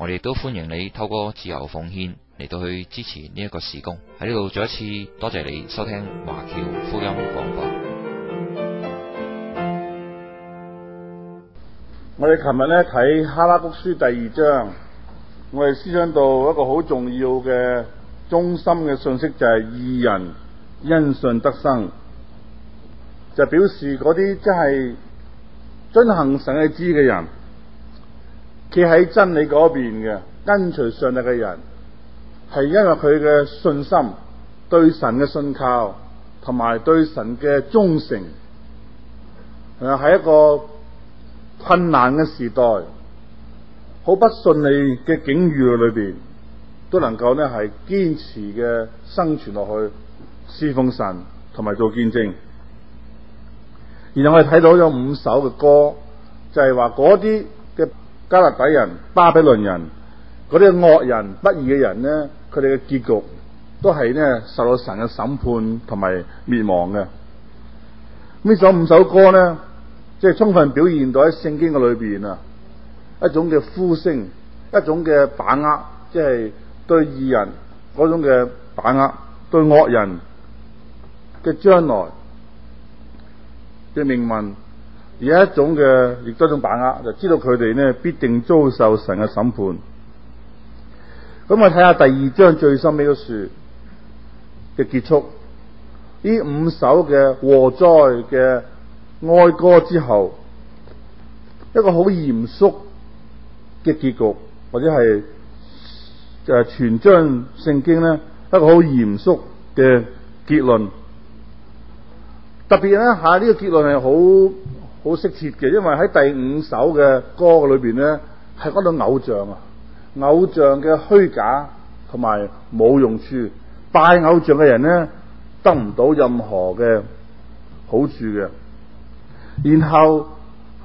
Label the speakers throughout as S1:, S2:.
S1: 我哋都歡迎你透過自由奉獻嚟到去支持呢一個事工。喺呢度再一次多謝你收聽華僑福音廣播。法，我哋琴日咧睇《哈巴谷書》第二章，我哋思想到一個好重要嘅中心嘅信息，就係、是、義人因信得生，就表示嗰啲即係遵行神嘅旨意嘅人。企喺真理嗰邊嘅跟隨上帝嘅人，係因為佢嘅信心、對神嘅信靠同埋對神嘅忠誠。誒，喺一個困難嘅時代、好不順利嘅境遇裏邊，都能夠呢係堅持嘅生存落去，侍奉神同埋做見證。然後我哋睇到有五首嘅歌，就係話嗰啲。加勒底人、巴比倫人，嗰啲惡人、不義嘅人咧，佢哋嘅結局都係咧受到神嘅審判同埋滅亡嘅。呢首五首歌咧，即係充分表現到喺聖經嘅裏邊啊，一種嘅呼聲，一種嘅把握，即係對義人嗰種嘅把握，對惡人嘅將來嘅命運。而一種嘅亦都一種把握，就知道佢哋咧必定遭受神嘅審判。咁我睇下第二章最深呢個書嘅結束，呢五首嘅禍哉嘅哀歌之後，一個好嚴肅嘅結局，或者係誒全章聖經呢一個好嚴肅嘅結論。特別咧，下呢個結論係好。好適切嘅，因為喺第五首嘅歌裏邊呢，係講到偶像啊，偶像嘅虛假同埋冇用處，拜偶像嘅人呢，得唔到任何嘅好處嘅。然後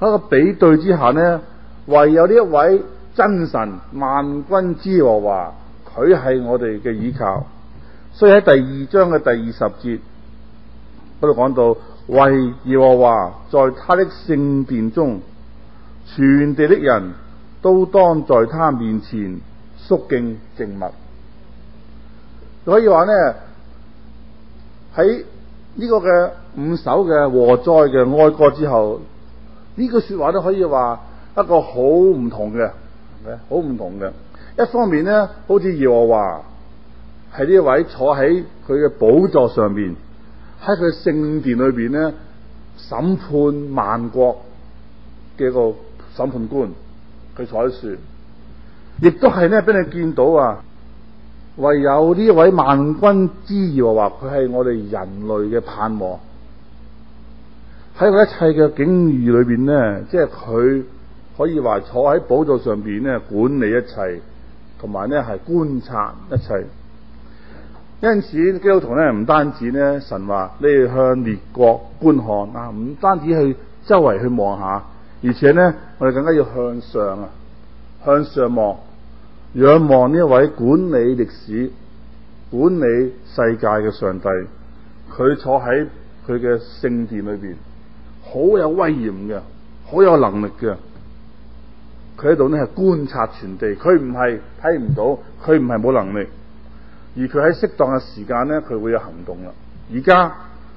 S1: 喺個比對之下呢，唯有呢一位真神萬軍之和華，佢係我哋嘅依靠。所以喺第二章嘅第二十節嗰度講到。為耶和華，在他的聖殿中，全地的人都當在他面前，肅敬靜默。可以話呢，喺呢個嘅五首嘅禍災嘅哀歌之後，呢句說話都可以話一個好唔同嘅，好唔同嘅。一方面呢，好似耶和華係呢位坐喺佢嘅寶座上面。喺佢聖殿裏邊咧，審判萬國嘅一個審判官，佢坐喺樹，亦都係咧俾你見到啊！唯有呢位萬軍之言話佢係我哋人類嘅盼望。喺佢一切嘅境遇裏邊咧，即係佢可以話坐喺寶座上邊咧管理一切，同埋咧係觀察一切。因此，基督徒咧唔單止咧神話你要向列國觀看啊，唔單止去周圍去望下，而且咧我哋更加要向上啊，向上望，仰望呢一位管理歷史、管理世界嘅上帝，佢坐喺佢嘅聖殿裏邊，好有威嚴嘅，好有能力嘅，佢喺度咧係觀察全地，佢唔係睇唔到，佢唔係冇能力。而佢喺適當嘅時間咧，佢會有行動啦。而家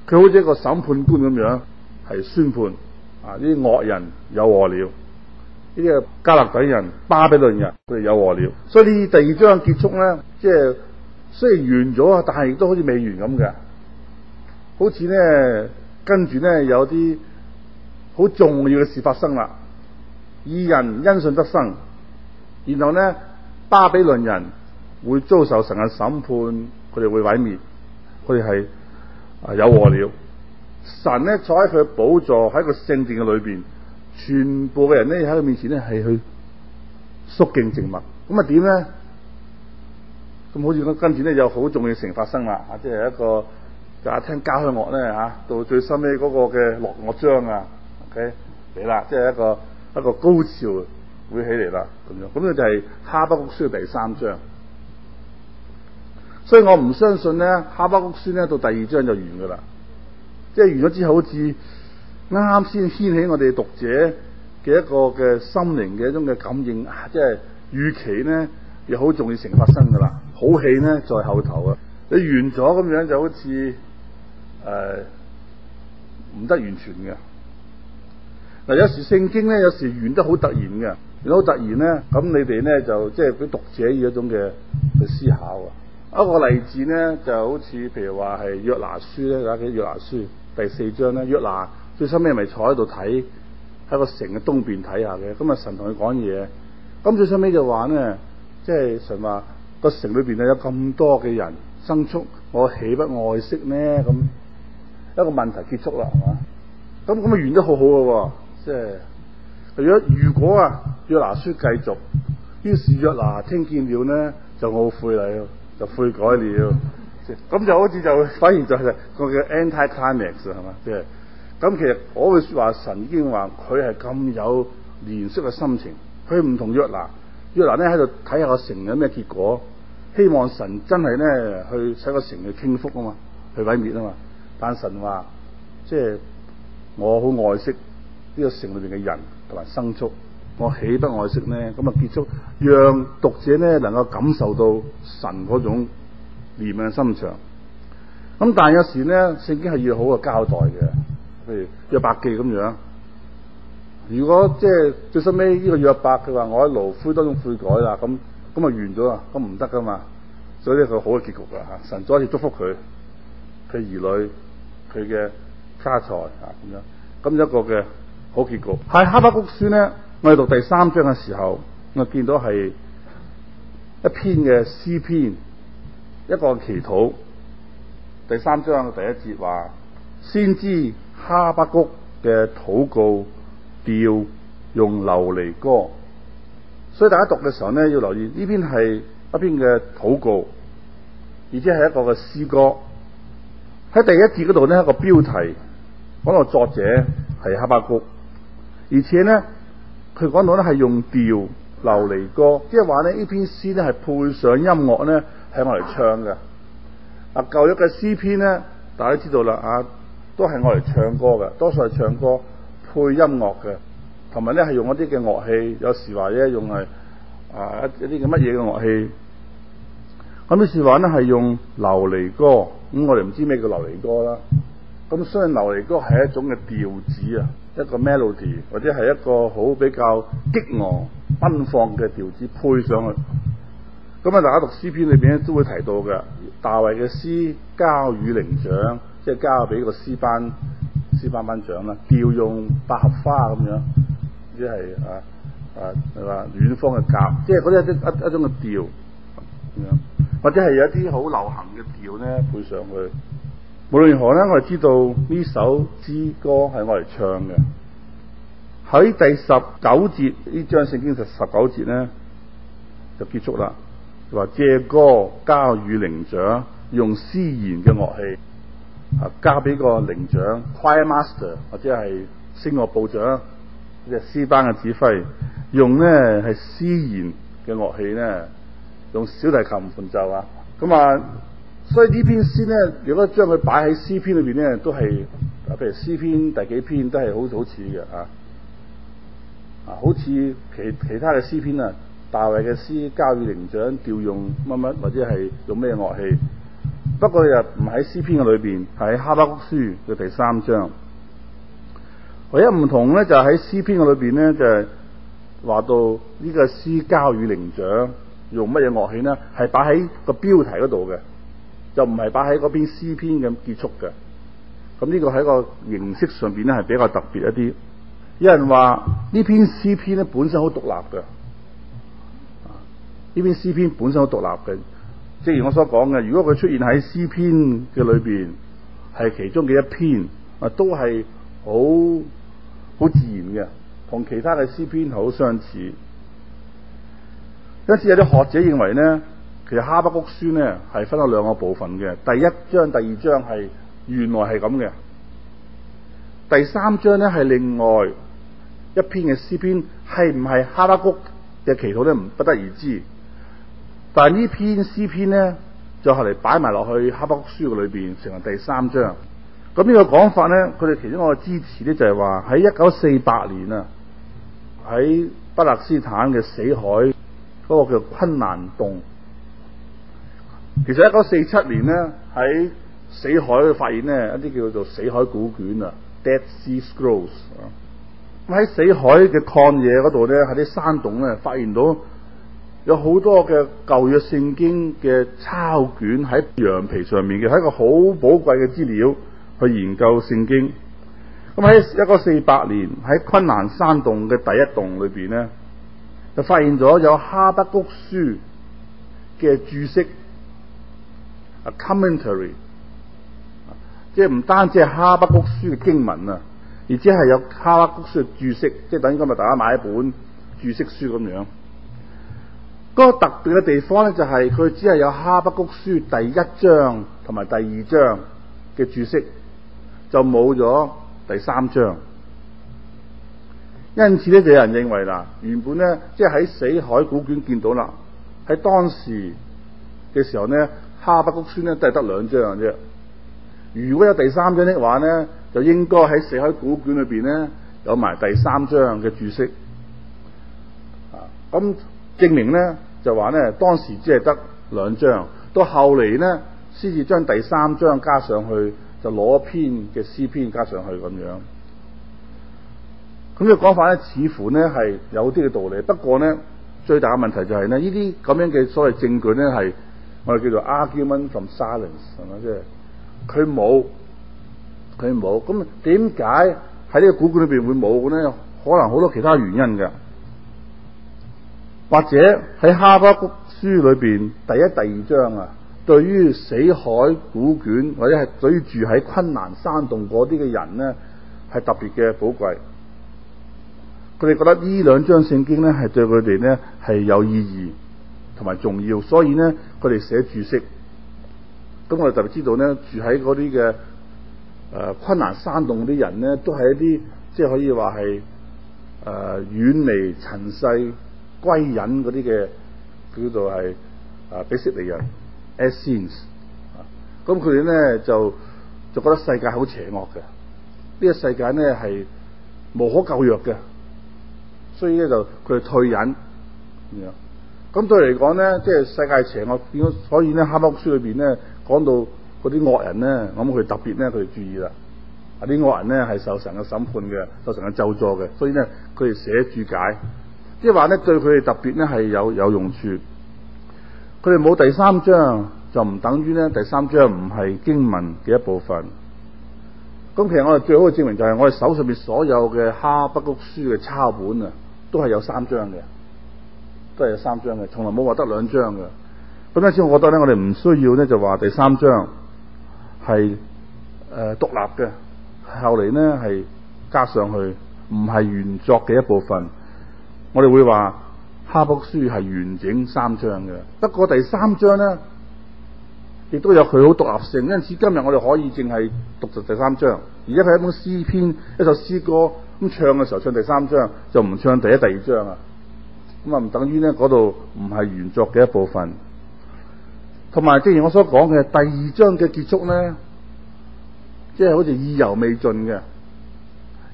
S1: 佢好似一個審判官咁樣，係宣判啊！呢啲惡人有禍了，呢啲加勒底人、巴比倫人佢哋有禍了。所以呢第二章結束咧，即係雖然完咗，但係亦都好似未完咁嘅，好似咧跟住咧有啲好重要嘅事發生啦。義人因信得生，然後咧巴比倫人，會遭受神嘅審判，佢哋會毀滅，佢哋係啊有禍了。神咧坐喺佢嘅寶座，喺個聖殿嘅裏邊，全部嘅人咧喺佢面前咧係去肅敬靜默。咁啊點咧？咁好似我今次咧有好重要嘅事發生啦！啊，即係一個就阿、是、聽交響樂咧吓、啊，到最深屘嗰個嘅樂樂章啊，OK，嚟啦！即係一個一個高潮會起嚟啦，咁樣咁咧就係《哈巴谷書》第三章。所以我唔相信咧，《哈巴谷書》咧到第二章就完噶啦，即係完咗之後，好似啱先掀起我哋讀者嘅一個嘅心靈嘅一種嘅感應，啊、即係預期咧，又好容易成發生噶啦，好戲咧在後頭啊！你完咗咁樣，就好似誒唔得完全嘅嗱、啊。有時聖經咧，有時完得好突然嘅，如果突然咧，咁你哋咧就即係俾讀者以一種嘅嘅思考啊。一個例子咧，就好似譬如話係約拿書咧，睇約拿書第四章咧，約拿最收尾咪坐喺度睇喺個城嘅東邊睇下嘅。咁啊，神同佢講嘢，咁最收尾就話咧，即係神話個城裏邊咧有咁多嘅人牲畜，我豈不愛惜咩？咁一個問題結束啦，係嘛？咁咁啊，完得好好嘅喎。即係如果如果啊，約拿書繼續，於是約拿聽見了咧，就懊悔你咯。就悔改了，咁 就好似就反而就係個叫 anti-climax 係嘛？即係，咁其實我會話神已經話佢係咁有憐惜嘅心情，佢唔同約拿，約拿咧喺度睇下個城有咩結果，希望神真係咧去使個城去傾覆啊嘛，去毀滅啊嘛，但神話，即係，我好愛惜呢個城裏邊嘅人同埋牲畜。我喜不愛惜呢，咁啊結束，讓讀者呢能夠感受到神嗰種憐憫嘅心腸。咁但係有時呢，聖經係要好嘅交代嘅，譬如約伯記咁樣。如果即係最收尾呢個約伯佢話我喺爐灰當中悔改啦，咁咁啊完咗啦，咁唔得噶嘛。所以呢個好嘅結局啊，神再一次祝福佢，佢兒女佢嘅家財啊咁樣，咁一個嘅好結局。係哈巴谷書呢？我哋讀第三章嘅時候，我見到係一篇嘅詩篇，一個祈禱。第三章嘅第一節話，先知哈巴谷嘅禱告調用流離歌，所以大家讀嘅時候咧要留意呢邊係一篇嘅禱告，而且係一個嘅詩歌。喺第一節嗰度咧，一個標題講到作者係哈巴谷，而且咧。佢講到咧係用調流離歌，即係話咧呢篇詩咧係配上音樂咧係我嚟唱嘅。啊，舊約嘅詩篇咧，大家知道啦啊，都係我嚟唱歌嘅，多數係唱歌配音樂嘅，同埋咧係用一啲嘅樂器。有時話咧用係啊一啲嘅乜嘢嘅樂器。咁有時話咧係用流離歌，咁我哋唔知咩叫流離歌啦。咁所以流離歌係一種嘅調子啊。一個 melody 或者係一個好比較激昂奔放嘅調子配上去，咁啊大家讀詩篇裏邊咧都會提到嘅。大衛嘅詩交與伶長，即係交俾個詩班，詩班班長啦，調用百合花咁樣，即係啊啊係話遠方嘅鴿，即係嗰啲一一種嘅調咁樣，或者係有一啲好流行嘅調咧配上去。無論如何咧，我哋知道呢首之歌係我哋唱嘅。喺第十九節呢章聖經第十九節咧就結束啦。話借歌交予靈長，用詩言嘅樂器啊，交俾個靈長 q u i r Master） 或者係聲樂部長，呢隻詩班嘅指揮，用呢係詩言嘅樂器咧，用小提琴伴奏啊。咁啊。所以呢篇詩咧，如果將佢擺喺詩篇裏邊咧，都係啊，譬如詩篇第幾篇都係好好似嘅啊，啊，好似其其他嘅詩篇啊，大衛嘅詩交與伶長調用乜乜或者係用咩樂器？不過又唔喺詩篇嘅裏邊，係喺哈巴谷書嘅第三章。唯一唔同咧，就係喺詩篇嘅裏邊咧，就係話到呢個詩交與伶長用乜嘢樂器咧，係擺喺個標題度嘅。就唔係擺喺嗰篇詩篇咁結束嘅，咁、嗯、呢、這個喺個形式上邊咧係比較特別一啲。有人話呢篇詩篇咧本身好獨立嘅，呢篇詩篇本身好獨立嘅。正如我所講嘅，如果佢出現喺詩篇嘅裏邊，係其中嘅一篇，啊，都係好好自然嘅，同其他嘅詩篇好相似。因此有啲學者認為咧。其實《哈巴谷書》呢，係分咗兩個部分嘅，第一章、第二章係原來係咁嘅，第三章呢，係另外一篇嘅詩篇，係唔係《哈巴谷》嘅祈禱呢？唔不得而知。但係呢篇詩篇呢，就後嚟擺埋落去《哈巴谷書》嘅裏邊，成為第三章。咁呢個講法呢，佢哋其中一個支持呢，就係話喺一九四八年啊，喺巴勒斯坦嘅死海嗰、嗰個叫昆蘭洞。其實一九四七年咧，喺死海發現咧一啲叫做死海古卷啊 （Dead Sea Scrolls）。咁喺死海嘅曠野度咧，喺啲山洞咧發現到有好多嘅舊約聖經嘅抄卷喺羊皮上面嘅，係一個好寶貴嘅資料去研究聖經。咁喺一九四八年喺昆蘭山洞嘅第一洞裏邊咧，就發現咗有哈巴谷書嘅注釋。commentary，即係唔單止係哈巴谷書嘅經文啊，而且係有哈巴谷書嘅注釋，即係等於今日大家買一本注釋書咁樣。嗰、那個特別嘅地方咧，就係佢只係有哈巴谷書第一章同埋第二章嘅注釋，就冇咗第三章。因此咧，就有人認為嗱，原本咧即係喺死海古卷見到啦，喺當時嘅時候咧。《哈巴谷書》咧都係得兩張啫。如果有第三張的話咧，就應該喺四海古卷裏邊咧有埋第三張嘅注釋。啊，咁證明咧就話咧當時只係得兩張，到後嚟咧先至將第三張加上去，就攞一篇嘅詩篇加上去咁樣。咁嘅講法咧，似乎咧係有啲嘅道理。不過咧，最大嘅問題就係呢，呢啲咁樣嘅所謂證據咧係。我哋叫做 Argument from Silence，係咪即係佢冇佢冇？咁點解喺呢個古卷裏邊會冇嘅咧？可能好多其他原因嘅，或者喺《哈巴谷書》裏邊第一、第二章啊，對於死海古卷或者係居住喺昆蘭山洞嗰啲嘅人咧，係特別嘅寶貴，佢哋覺得呢兩章聖經咧係對佢哋咧係有意義，同埋重要，所以咧，佢哋寫注釋。咁我哋特別知道咧，住喺啲嘅誒昆蘭山洞啲人咧，都係一啲即係可以話係誒遠離塵世歸隱啲嘅叫做係誒比色利人。Essenes，咁佢哋咧就就覺得世界好邪惡嘅，呢個世界咧係無可救藥嘅，所以咧就佢係退隱咁樣。咁對嚟講咧，即係世界邪惡，所以咧《哈巴谷書裡面呢》裏邊咧講到嗰啲惡人咧，咁佢特別咧，佢哋注意啦。啊，啲惡人咧係受神嘅審判嘅，受神嘅咒詛嘅，所以咧佢哋寫注解，即係話咧對佢哋特別咧係有有用處。佢哋冇第三章，就唔等於咧第三章唔係經文嘅一部分。咁其實我哋最好嘅證明就係，是，我哋手上面所有嘅《哈巴谷書》嘅抄本啊，都係有三章嘅。都係有三章嘅，從來冇話得兩章嘅。咁因此，我覺得咧，我哋唔需要咧，就話第三章係誒獨立嘅，後嚟呢，係加上去，唔係原作嘅一部分。我哋會話，哈卜書係完整三章嘅，不過第三章呢，亦都有佢好獨立性。因此，今日我哋可以淨係讀實第三章，而家係一本詩篇，一首詩歌咁唱嘅時候，唱第三章就唔唱第一、第二章喇。咁啊，唔等於咧，嗰度唔係原作嘅一部分。同埋，正如我所講嘅第二章嘅結束咧，即係好似意猶未盡嘅，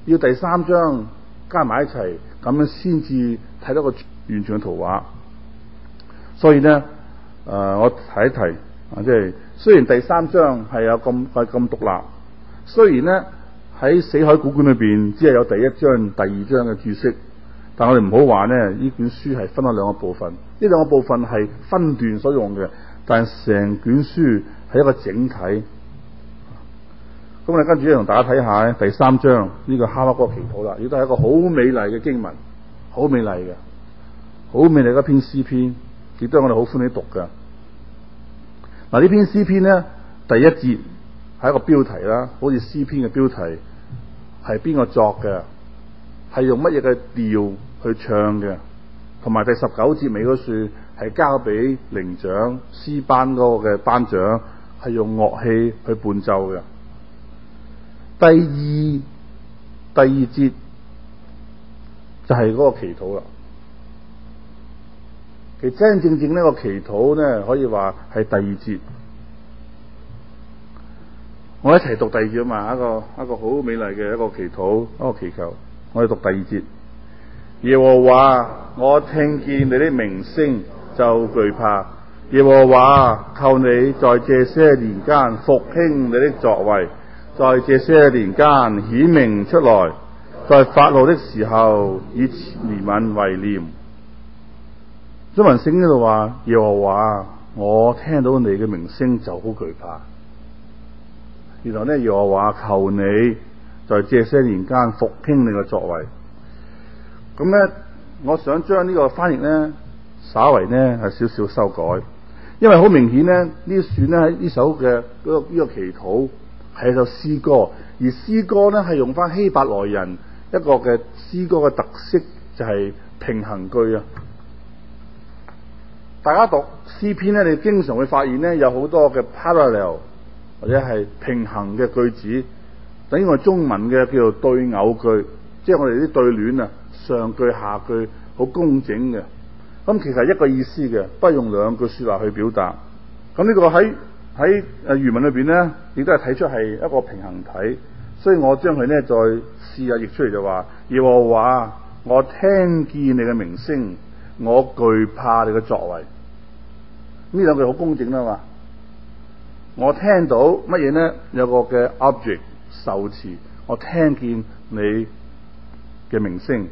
S1: 要第三章加埋一齊，咁樣先至睇到個完全嘅圖畫，所以咧，誒、呃、我提一提啊，即係雖然第三章係有咁快咁獨立，雖然咧喺《死海古卷》裏邊只係有第一章、第二章嘅注釋。但我哋唔好話呢，呢卷書係分咗兩個部分，呢兩個部分係分段所用嘅，但係成卷書係一個整體。咁我哋跟住咧同大家睇下第三章呢、這個哈巴谷祈禱啦，亦都係一個好美麗嘅經文，好美麗嘅，好美麗嘅一篇詩篇，亦都係我哋好歡喜讀嘅。嗱，呢篇詩篇咧，第一節係一個標題啦，好似詩篇嘅標題係邊個作嘅，係用乜嘢嘅調？去唱嘅，同埋第十九節尾嗰段係交俾伶長詩班嗰個嘅班長，係用樂器去伴奏嘅。第二第二節就係、是、嗰個祈禱啦。其實，真真正正呢個祈禱呢，可以話係第二節。我一齊讀第二節嘛，一個一個好美麗嘅一個祈禱，一個祈求，我哋讀第二節。耶和華，我聽見你的名聲就懼怕。耶和華，求你在這些年間復興你的作為，在這些年間顯明出來，在發怒的時候以憐憫為念。中文聖經呢度話耶和華，我聽到你嘅名聲就好懼怕。原來呢耶和華，求你在這些年間復興你嘅作為。咁咧，我想將呢個翻譯咧，稍為呢，係少少修改，因為好明顯呢，呢段咧喺呢首嘅嗰呢個祈禱係一首詩歌，而詩歌呢，係用翻希伯來人一個嘅詩歌嘅特色，就係平衡句啊！大家讀詩篇呢，你經常會發現呢，有好多嘅 parallel 或者係平衡嘅句子，等於我哋中文嘅叫做對偶句，即係我哋啲對聯啊。上句下句好工整嘅，咁其實一個意思嘅，不用兩句說話去表達。咁呢個喺喺誒原文裏邊咧，亦都係睇出係一個平衡體，所以我將佢咧再試下譯出嚟就話，耶和華，我聽見你嘅名聲，我懼怕你嘅作為。呢兩句好工整啦嘛，我聽到乜嘢咧？有個嘅 object 受詞，我聽見你嘅名聲。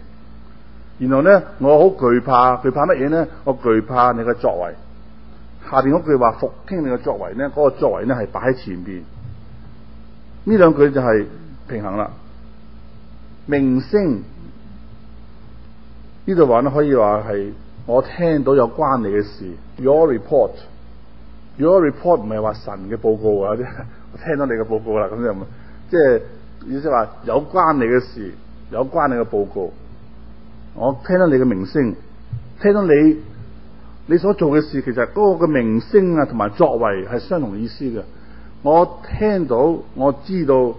S1: 然後咧，我好懼怕，懼怕乜嘢咧？我懼怕你嘅作為。下邊嗰句話，復興你嘅作為咧，嗰、嗰個作為咧係擺喺前邊。呢兩句就係平衡啦。名聲呢度話咧，可以話係我聽到有關你嘅事。Your report，Your report 唔係話神嘅報告啊， 我聽到你嘅報告啦，咁即係，即係意思話有關你嘅事，有關你嘅報告。我聽到你嘅名聲，聽到你你所做嘅事，其實嗰個嘅名聲啊，同埋作為係相同意思嘅。我聽到，我知道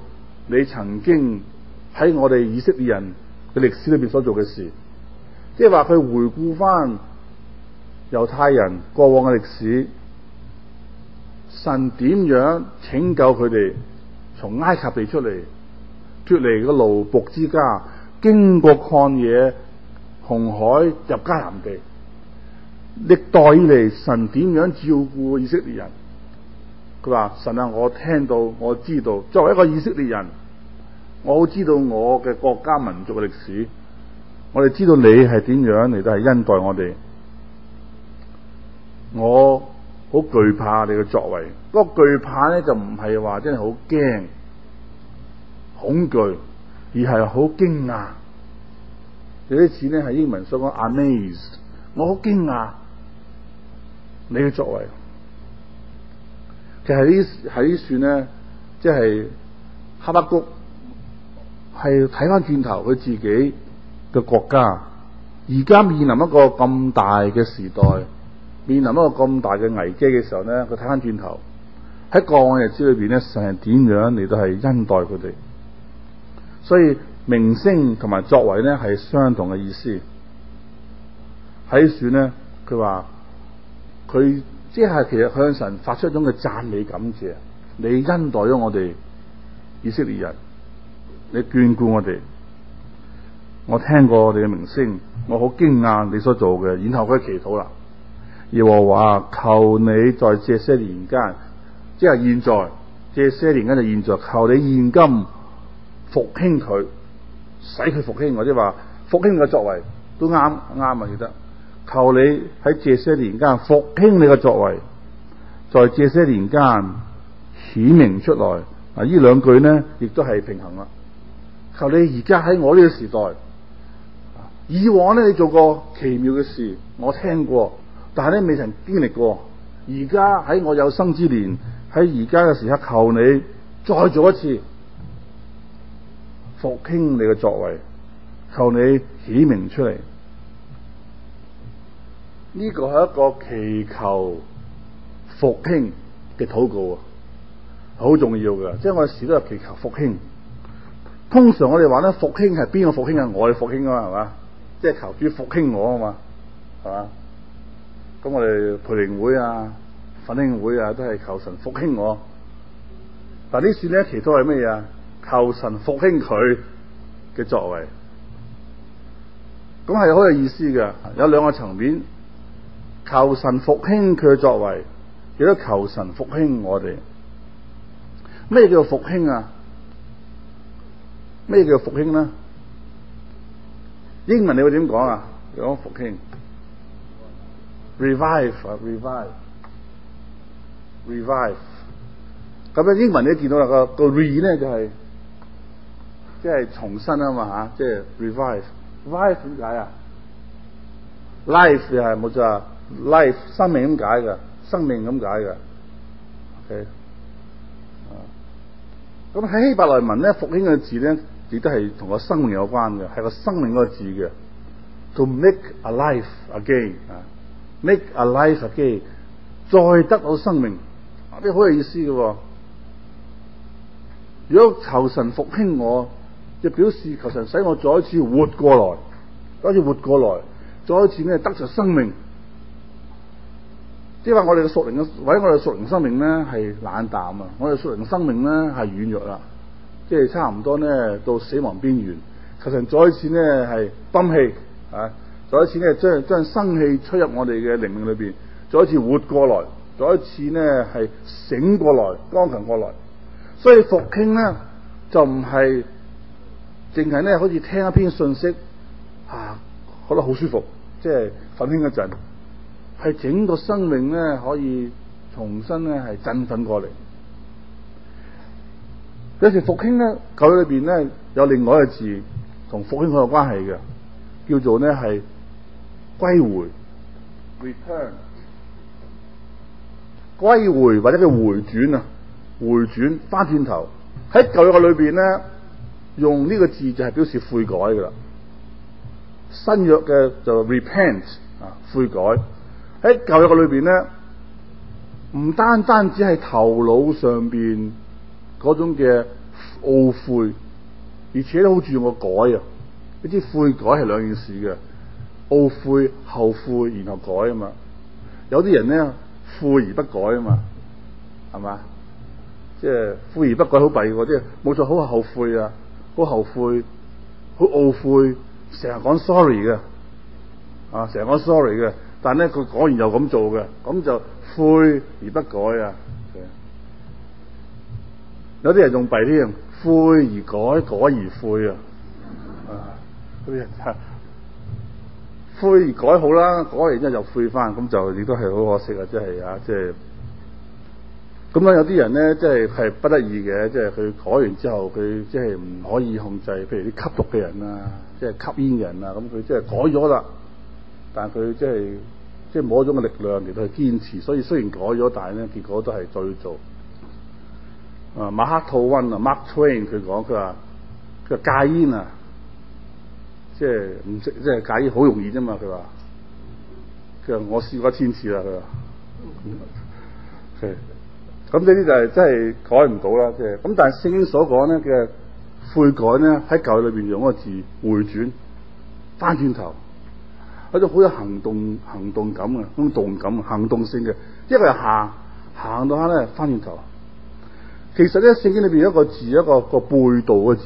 S1: 你曾經喺我哋以色列人嘅歷史裏邊所做嘅事，即係話佢回顧返猶太人過往嘅歷史，神點樣拯救佢哋從埃及地出嚟，脫離個奴僕之家，經過曠野。紅海入迦南地，歷代以嚟神點樣照顧以色列人？佢話神啊，我聽到我知道，作為一個以色列人，我好知道我嘅國家民族嘅歷史，我哋知道你係點樣嚟到係恩待我哋。我好懼怕你嘅作為，不過懼怕咧就唔係話真係好驚、恐懼，而係好驚訝。有啲字咧係英文，所講 amazed，我好驚訝你嘅作為，其實喺呢算咧，即係哈巴谷係睇翻轉頭佢自己嘅國家，而家面臨一個咁大嘅時代，面臨一個咁大嘅危機嘅時候咧，佢睇翻轉頭喺過往日子裏邊咧，成日點樣你都係恩待佢哋，所以。名聲同埋作為咧係相同嘅意思喺選呢，佢話佢即係其實向神發出一種嘅讚美感謝，你恩待咗我哋以色列人，你眷顧我哋。我聽過我哋嘅名聲，我好驚訝你所做嘅，然後佢祈禱啦。耶和華，求你在這些年間，即係現在，這些年間就現在，求你現今復興佢。使佢復興，或者話復興嘅作為都啱啱啊，記得求你喺這些年間復興你嘅作為，在這些年間顯明出來啊！呢兩句咧，亦都係平衡啦。求你而家喺我呢個時代，以往咧你做過奇妙嘅事，我聽過，但係咧未曾經歷過。而家喺我有生之年，喺而家嘅時刻，求你再做一次。復興你嘅作為，求你顯明出嚟。呢個係一個祈求復興嘅禱告啊，好重要噶。即係我哋時都係祈求復興。通常我哋話咧，復興係邊個復興啊？我哋復興噶嘛，係嘛？即係求主復興我啊嘛，係嘛？咁我哋培靈會啊、奮興會啊，都係求神復興我。但次呢事咧，祈禱係乜嘢啊？求神復興佢嘅作為，咁係好有意思嘅。有兩個層面，求神復興佢嘅作為，亦都求神復興我哋。咩叫復興啊？咩叫復興呢？英文你會點講啊？講復興，revive，revive，revive。咁咧，英文，ive,、uh, Rev 那英文你見到嗱、那個個 re 呢就係、是。即係重新啊嘛嚇，即係 revive。revive 點解啊？life 又係冇錯，life 生命咁解嘅，生命咁解嘅。OK，啊，咁喺希伯來文咧復興嘅字咧，亦都係同個生命有關嘅，係個生命嗰個字嘅。To make a life again，啊，make a life again，再得到生命，啲好有意思嘅、啊。如果求神復興我。就表示求神使我再一次活過來，再一次活過來，再一次咧得着生命。即係話我哋嘅屬靈嘅，或者我哋嘅屬靈生命咧係冷淡啊，我哋屬靈生命咧係軟弱啦，即係差唔多咧到死亡邊緣。求神再一次咧係泵氣啊，再一次咧將將生氣吹入我哋嘅靈命裏邊，再一次活過來，再一次咧係醒過來，剛強過來。所以復興咧就唔係。淨係咧，好似聽一篇信息，吓、啊、覺得好舒服，即係奮興一陣，係整個生命咧可以重新咧係振奮過嚟。有時復興咧，舊約裏邊咧有另外一個字，同復興佢有關係嘅，叫做咧係歸回，return，歸回或者叫回轉啊，回轉翻轉頭喺舊約嘅裏邊咧。用呢個字就係表示悔改噶啦，新約嘅就 repent 啊悔改喺舊約嘅裏邊咧，唔單單只係頭腦上邊嗰種嘅懊悔，而且都好注重個改啊，呢啲悔改係兩件事嘅懊悔、後悔，然後改啊嘛。有啲人咧悔而不改啊嘛，係嘛？即係悔而不改好弊嘅，即係冇錯，好後悔啊！好後悔，好懊悔，成日講 sorry 嘅，啊，成日講 sorry 嘅，但係咧佢講完又咁做嘅，咁就悔而不改啊。有啲人仲弊添，悔而改，改而悔啊。啊，啲人悔而改好啦，改完之後又悔翻，咁就亦都係好可惜啊，即係啊，即係。咁樣有啲人咧，即係係不得已嘅，即係佢改完之後，佢即係唔可以控制，譬如啲吸毒嘅人啊，即係吸煙人啊，咁佢即係改咗啦，但係佢即係即係冇一種嘅力量嚟到去堅持，所以雖然改咗，但係咧結果都係再做，做。啊，馬克吐溫啊，Mark Twain 佢講，佢話佢戒煙啊，即係唔識，即係戒煙好容易啫嘛，佢話佢話我試過一千次啦，佢話。嗯咁呢啲就係真係改唔到啦。即係咁，但係聖經所講咧嘅悔改咧喺舊約裏邊用個字回轉翻轉頭，有種好有行動行動感嘅咁動感行動性嘅，一個係行行到黑咧翻轉頭。其實咧，聖經裏邊一個字一個一個,一個背道嘅字，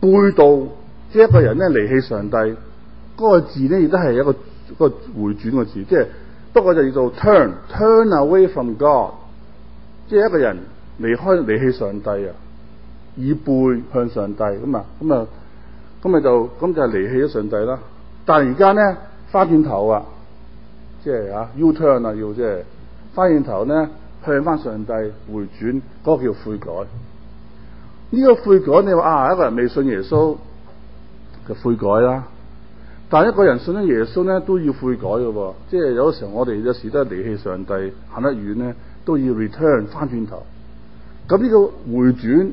S1: 背道即係、就是、一個人咧離棄上帝。嗰、那個字咧亦都係一個一個回轉嘅字，即係不過就叫做 turn turn away from God。即係一個人離開、離棄上帝啊，以背向上帝咁啊，咁啊，咁咪就咁就係離棄咗上帝啦。但係而家咧翻轉頭啊，即係啊 U turn 啊，要即係翻轉頭咧向翻上帝回轉，嗰個叫悔改。呢個悔改，你話啊，一個人未信耶穌就悔改啦，但係一個人信咗耶穌咧都要悔改嘅。即係有啲時候我哋有時都係離棄上帝行得遠咧。都要 return 翻轉頭，咁呢個回轉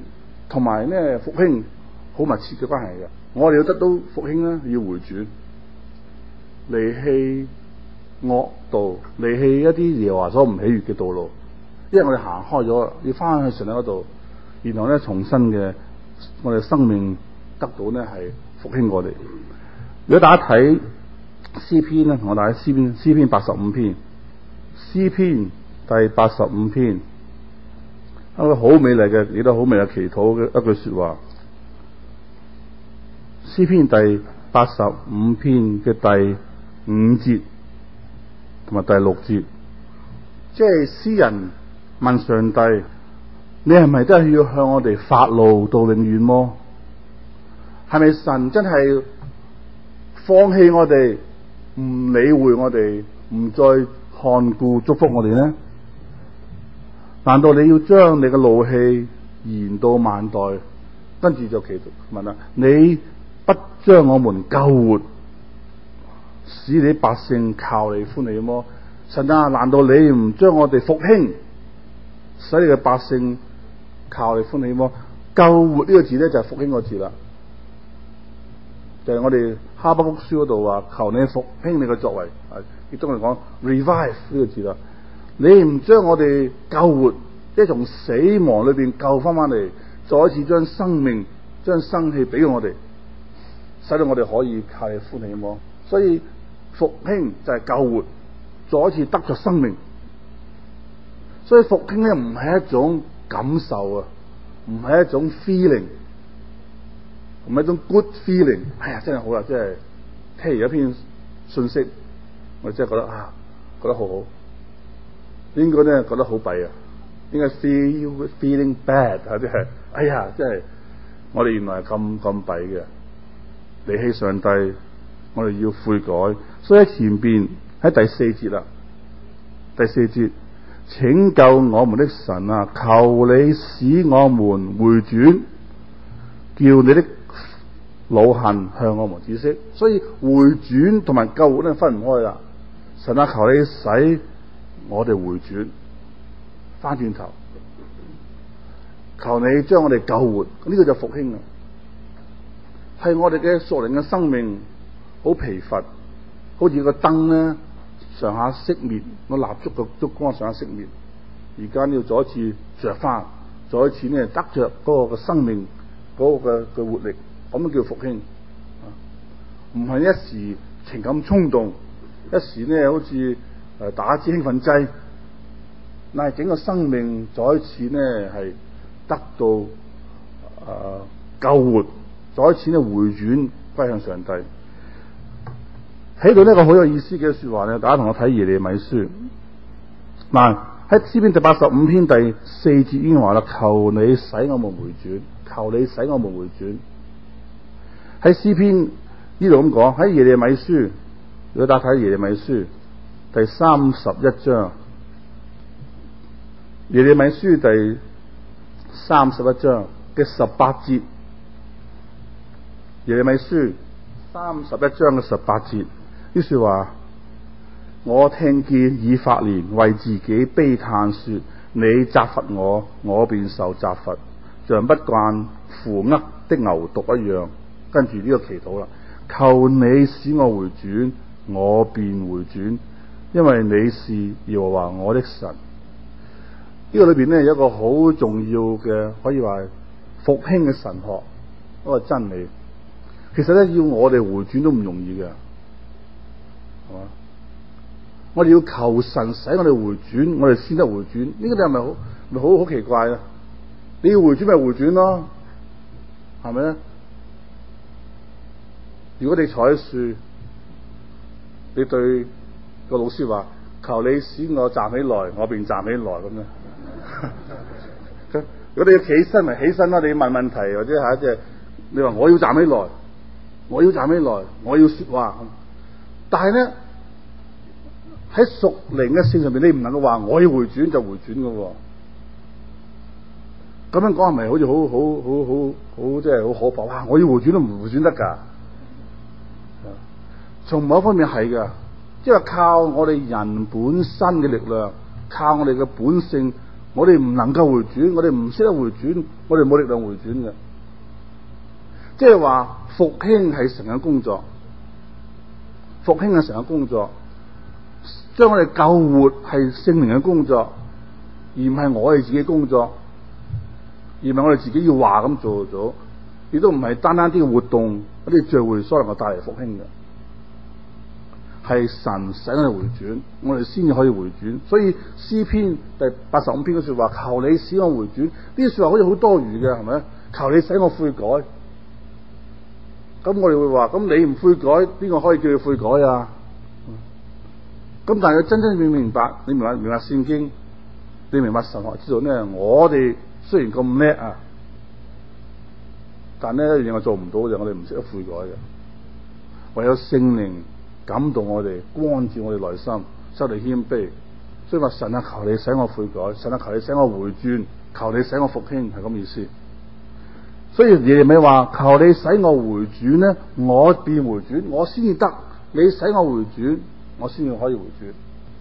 S1: 同埋咧復興好密切嘅關係嘅。我哋要得到復興咧，要回轉，離棄惡道，離棄一啲耶和華所唔喜悅嘅道路，因為我哋行開咗，要翻去神嗰度，然後咧重新嘅我哋生命得到咧係復興我哋。如果大家睇詩篇咧，同我大家睇詩篇，詩篇八十五篇，詩篇。第八十五篇一個好美麗嘅，亦都好美麗嘅祈禱嘅一句說話。詩篇第八十五篇嘅第五節同埋第六節，即係詩人問上帝：你係咪真係要向我哋發怒到永遠麼？係咪神真係放棄我哋，唔理會我哋，唔再看顧祝福我哋呢？難道你要將你嘅怒氣延到萬代？跟住就其實問啦：你不將我們救活，使你百姓靠你歡喜麼？神啊！難道你唔將我哋復興，使你嘅百姓靠你歡喜麼？救活呢個字咧，就係、是、復興個字啦。就係、是、我哋哈巴谷書嗰度話：求你復興你嘅作為。啊，亦都係講，revive 呢個字啦。你唔將我哋救活，即係從死亡裏邊救翻翻嚟，再一次將生命、將生氣俾我哋，使到我哋可以靠你歡喜麼？所以復興就係救活，再一次得咗生命。所以復興咧唔係一種感受啊，唔係一種 feeling，唔係一種 good feeling。哎呀，真係好啦，即係聽完一篇信息，我真係覺得啊，覺得好好。應該咧覺得好弊啊！應該 feel feeling bad 啊、就是！即係哎呀，真係我哋原來咁咁弊嘅，離棄上帝，我哋要悔改。所以喺前邊喺第四節啦，第四節，拯救我們的神啊！求你使我們回轉，叫你的惱恨向我們止息。所以回轉同埋救咧分唔開啦。神啊，求你使。我哋回轉，翻轉頭，求你將我哋救活，呢個就復興啊！係我哋嘅屬靈嘅生命好疲乏，好似個燈咧上下熄滅，個蠟燭個燭光上下熄滅，而家要再一次着翻，再一次呢得着嗰個嘅生命，嗰個嘅嘅活力，咁樣叫復興，唔係一時情感衝動，一時呢好似。打支興奮劑，嗱，整個生命再一次呢係得到誒、呃、救活，再一次呢回轉歸向上帝。喺度呢個好有意思嘅說話咧，大家同我睇耶利米書。嗱，喺詩、嗯、篇第八十五篇第四節已經話啦，求你使我們回轉，求你使我們回轉。喺詩篇呢度咁講，喺耶利米書，如果大家睇耶利米書。第三十一章耶利米書第三十一章嘅十八節，耶利米書三十一章嘅十八節，於是話：我聽見以法蓮為自己悲嘆，說：你責罰我，我便受責罰，像不慣負軛的牛犢一樣。跟住呢個祈禱啦，求你使我回轉，我便回轉。因為你是，而我話我的神，呢個裏邊咧有一個好重要嘅，可以話復興嘅神學一個真理。其實咧，要我哋回轉都唔容易嘅，係嘛？我哋要求神使我哋回轉，我哋先得回轉。呢個你係咪好咪好好奇怪啊？你要回轉咪回轉咯，係咪咧？如果你坐喺樹，你對？個老師話：求你使我站起來，我便站起來咁樣。 如果你要起身咪起身啦，你要問問題或者吓即係，你話我要站起來，我要站起來，我要說話。但係咧喺屬靈嘅綫上面，你唔能夠話我要回轉就回轉噶、哦。咁樣講係咪好似好好好好好即係好可怕？啊？我要回轉都唔回轉得噶。從某一方面係噶。即係靠我哋人本身嘅力量，靠我哋嘅本性，我哋唔能夠回轉，我哋唔識得回轉，我哋冇力量回轉嘅。即係話復興係神嘅工作，復興係神嘅工作，將我哋救活係聖靈嘅工作，而唔係我哋自己工作，而唔係我哋自己要話咁做咗，亦都唔係單單啲嘅活動嗰啲聚會所能夠帶嚟復興嘅。係神使我回轉，我哋先至可以回轉。所以詩篇第八十五篇嘅說話，求你使我回轉，呢啲說話好似好多餘嘅，係咪？求你使我悔改。咁我哋會話，咁你唔悔改，邊個可以叫你悔改啊？咁但係真真正正明白，你明白你明白聖經，你明白神學之道咧，我哋雖然咁叻啊，但呢，一樣係做唔到嘅，我哋唔識得悔改嘅，唯有聖靈。感動我哋，關注我哋內心，收地謙卑，所以話神啊，求你使我悔改，神啊，求你使我回轉，求你使我復興，係咁意思。所以耶咪話，求你使我回轉呢，我變回轉，我先至得。你使我回轉，我先至可以回轉。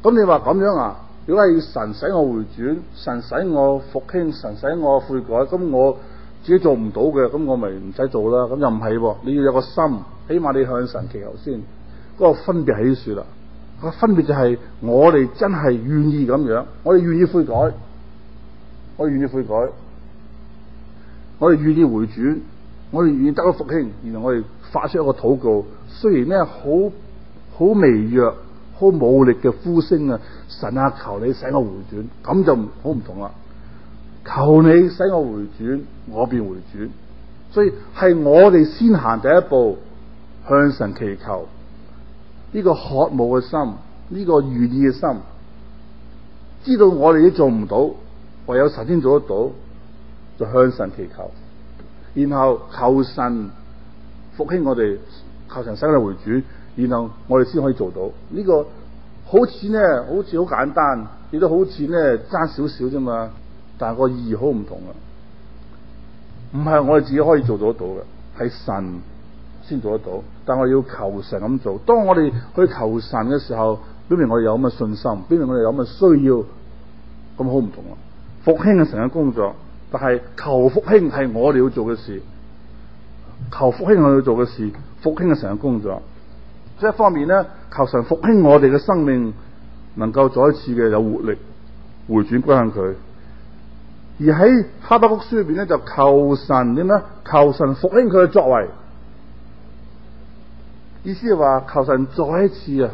S1: 咁你話咁樣啊？如果係神使我回轉，神使我復興，神使我悔改，咁我自己做唔到嘅，咁我咪唔使做啦。咁又唔係，啊，你要有個心，起碼你向神祈求先。嗰個分別喺呢處啦。嗰個分別就係我哋真係願意咁樣，我哋願意悔改，我願意悔改，我哋願意回轉，我哋願意得到復興。然後我哋發出一個禱告，雖然咧好好微弱、好無力嘅呼聲啊！神啊，求你使我回轉，咁就好唔同啦。求你使我回轉，我便回轉。所以係我哋先行第一步，向神祈求。呢個渴慕嘅心，呢個願意嘅心，知道我哋都做唔到，唯有神先做得到，就向神祈求，然後求神復興我哋，求神使佢為主，然後我哋先可以做到。呢個好似呢，好似好簡單，亦都好似呢，爭少少啫嘛，但係個意義好唔同啊！唔係我哋自己可以做得到嘅，係神。先做得到，但我要求神咁做。當我哋去求神嘅時候，表明我哋有咁嘅信心，表明我哋有咁嘅需要，咁好唔同啊！復興係神嘅工作，但係求復興係我哋要做嘅事，求復興我哋要做嘅事，復興係神嘅工作。即一方面呢，求神復興我哋嘅生命，能夠再一次嘅有活力回轉歸向佢；而喺哈巴谷書裏邊咧，就求神點咧？求神復興佢嘅作為。意思係話求神再一次啊，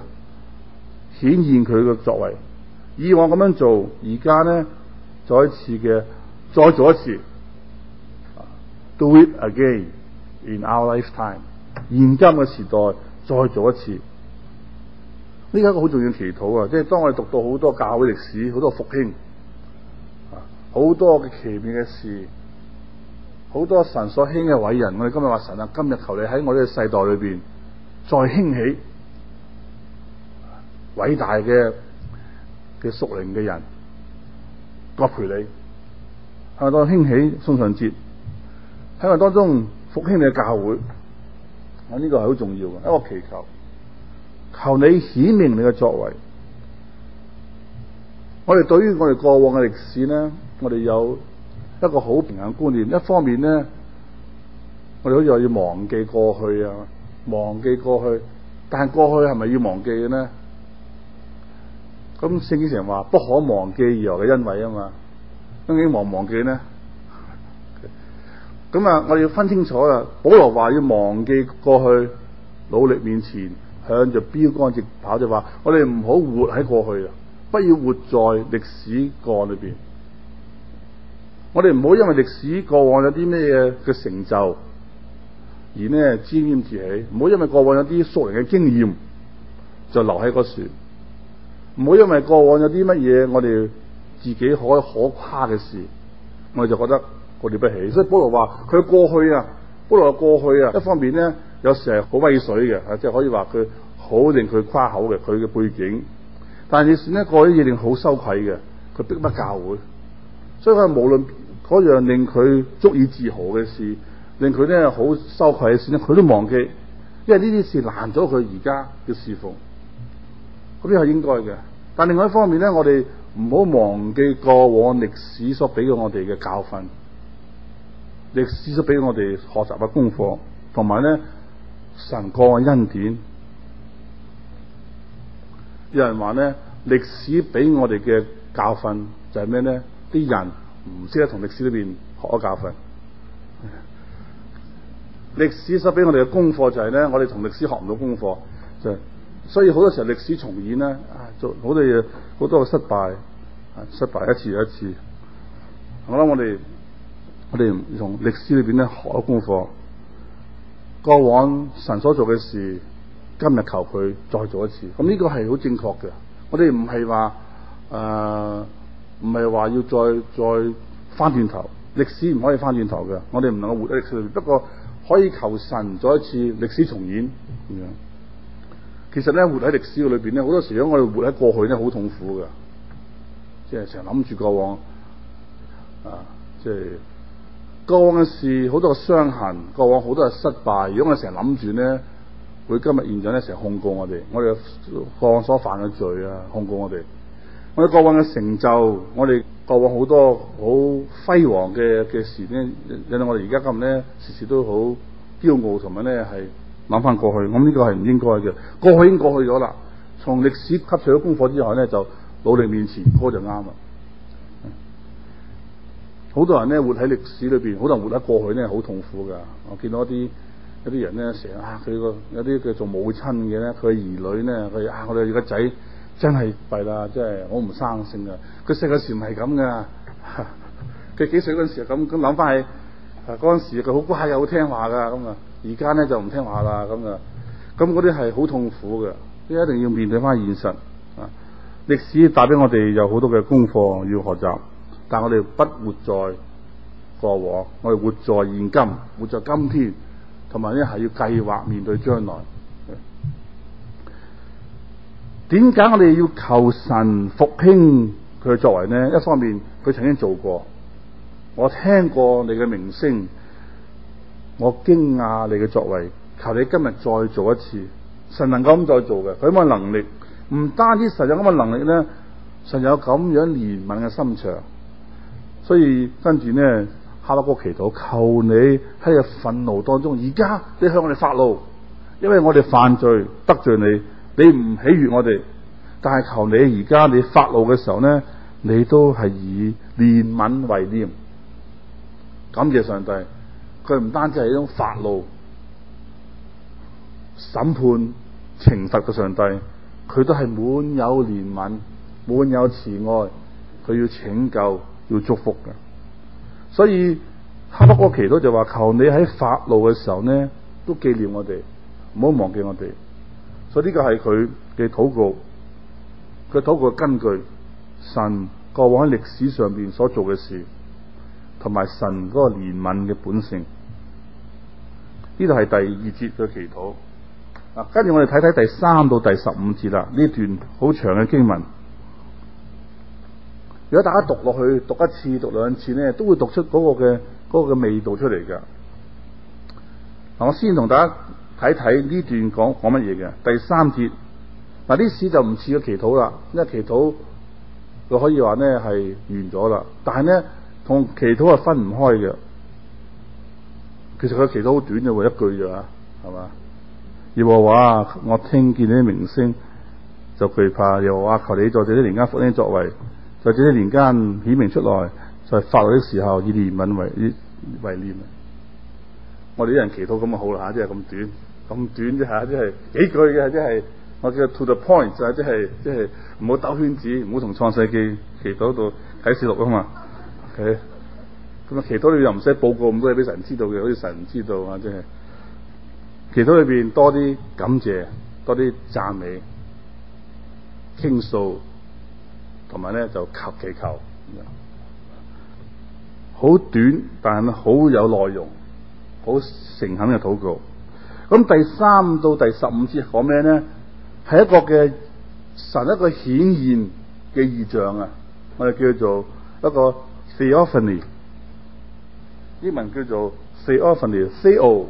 S1: 顯現佢嘅作為，以往咁樣做，而家咧再一次嘅，再做一次，啊 do it again in our lifetime。現今嘅時代再做一次，呢個係一個好重要嘅祈禱啊！即係當我哋讀到好多教會歷史，好多復興，啊好多嘅奇妙嘅事，好多神所興嘅偉人，我哋今日話神啊，今日求你喺我哋嘅世代裏邊。再興起偉大嘅嘅屬靈嘅人，我陪你喺度興起宋尚節喺度當中復興你嘅教會，我呢個係好重要嘅一個祈求，求你顯明你嘅作為。我哋對於我哋過往嘅歷史咧，我哋有一個好平衡觀念，一方面咧，我哋好似話要忘記過去啊。忘記過去，但係過去係咪要忘記嘅呢？咁聖經成日話不可忘記以往嘅恩惠啊嘛，究竟忘唔忘記呢。咁啊，我哋要分清楚啦。保羅話要忘記過去，努力面前向著標杆直跑就話，我哋唔好活喺過去啊，不要活在歷史過裏邊。我哋唔好因為歷史過往有啲咩嘅成就。而呢，沾沾自喜，唔好因為過往有啲熟人嘅經驗就留喺嗰船。唔好因為過往有啲乜嘢我哋自己可可誇嘅事，我就覺得我了不起。所以保羅話佢過去啊，保羅嘅過去啊，一方面咧有時係好威水嘅，即係可以話佢好令佢誇口嘅佢嘅背景。但係你算一過啲嘢，令好羞愧嘅，佢逼迫教會，所以佢無論嗰樣令佢足以自豪嘅事。令佢咧好羞愧，嘅事咧，佢都忘記，因為呢啲事難咗佢而家嘅侍奉，咁呢係應該嘅。但另外一方面咧，我哋唔好忘記過往歷史所俾我哋嘅教訓，歷史所俾我哋學習嘅功課，同埋咧神個恩典。有人話咧，歷史俾我哋嘅教訓就係咩咧？啲人唔識得同歷史裏邊學咗教訓。歷史所俾我哋嘅功課就係咧，我哋同歷史學唔到功課，就係、所以好多時候歷史重演咧，做好多嘢好多嘅失敗，失敗一次又一次。我諗我哋我哋從歷史裏邊咧學咗功課，過往神所做嘅事，今日求佢再做一次。咁呢個係好正確嘅。我哋唔係話誒，唔係話要再再翻轉頭，歷史唔可以翻轉頭嘅。我哋唔能夠活喺歷史裏邊，不過。可以求神再一次歷史重演咁樣。其實咧，活喺歷史裏邊咧，好多時候我哋活喺過去咧，好痛苦嘅。即係成日諗住過往，啊，即係過往嘅事，好多嘅傷痕，過往好多嘅失敗，如果我哋成日諗住咧，會今日現象咧，成日控告我哋，我哋過往所犯嘅罪啊，控告我哋。我哋過往嘅成就，我哋過往好多好輝煌嘅嘅事呢，引引到我哋而家咁呢，時時都好驕傲同埋呢係諗翻過去。咁呢個係唔應該嘅，過去已經過去咗啦。從歷史吸取咗功課之後呢，就努力面前噉就啱啦。好多人呢，活喺歷史裏邊，好多人活喺過去呢，好痛苦噶。我見到一啲一啲人呢，成日啊，佢個有啲叫做母親嘅呢，佢兒女呢，佢啊，我哋個仔。真係弊啦！真係我唔生性噶，佢細個時唔係咁噶，佢 幾歲陣時啊，咁咁諗翻起，嗰陣時佢好乖又好聽話噶，咁啊，而家咧就唔聽話啦，咁啊，咁啲係好痛苦嘅，呢一定要面對翻現實啊！歷史帶俾我哋有好多嘅功課要學習，但我哋不活在過往，我哋活在現今，活在今天，同埋咧係要計劃面對將來。點解我哋要求神復興佢嘅作為呢？一方面佢曾經做過，我聽過你嘅名聲，我驚訝你嘅作為，求你今日再做一次。神能夠咁再做嘅，佢有乜能力？唔單止神有乜能力呢？神有咁樣憐憫嘅心腸，所以跟住呢，哈巴谷嘅祈禱，求你喺你嘅憤怒當中，而家你向我哋發怒，因為我哋犯罪得罪你。你唔喜悦我哋，但係求你而家你發怒嘅時候咧，你都係以憐憫為念。感謝上帝，佢唔單止係一種發怒、審判、懲罰嘅上帝，佢都係滿有憐憫、滿有慈愛，佢要拯救、要祝福嘅。所以哈巴谷奇都就話：求你喺發怒嘅時候咧，都紀念我哋，唔好忘記我哋。所以呢個係佢嘅禱告，佢禱告根據，神過往喺歷史上邊所做嘅事，同埋神嗰個憐憫嘅本性。呢度係第二節嘅祈禱。嗱、啊，跟住我哋睇睇第三到第十五節啦，呢段好長嘅經文。如果大家讀落去，讀一次、讀兩次咧，都會讀出嗰、嗰個嘅、嗰個嘅味道出嚟㗎。嗱，我先同大家。睇睇，呢段講講乜嘢嘅。第三節。嗱，呢次就唔似個祈禱啦，因為祈禱佢可以話呢係完咗啦，但係呢，同祈禱係分唔開嘅。其實個祈禱好短咋喎，一句咋係嘛？又話我，我聽見啲名聲就懼怕，又話求你在這啲年間復興作為，在這啲年間顯明出來，在發怒的時候以憐憫為為念。我哋啲人祈禱咁就好啦吓，即係咁短。咁短啫吓，即係幾句嘅，即係我叫 to the point 啊！即係即係唔好兜圈子，唔好同創世記祈禱到啟示錄咁啊。OK，咁啊祈禱裏又唔使報告咁多嘢俾神知道嘅，好似神唔知道啊！即係祈禱裏邊多啲感謝，多啲讚美，傾訴，同埋咧就及祈求。好短但係好有內容，好誠懇嘅禱告。咁第三到第十五節講咩咧？係一個嘅神一個顯現嘅異象啊，我哋叫做一個 Theophany，英文叫做 Theophany，Theo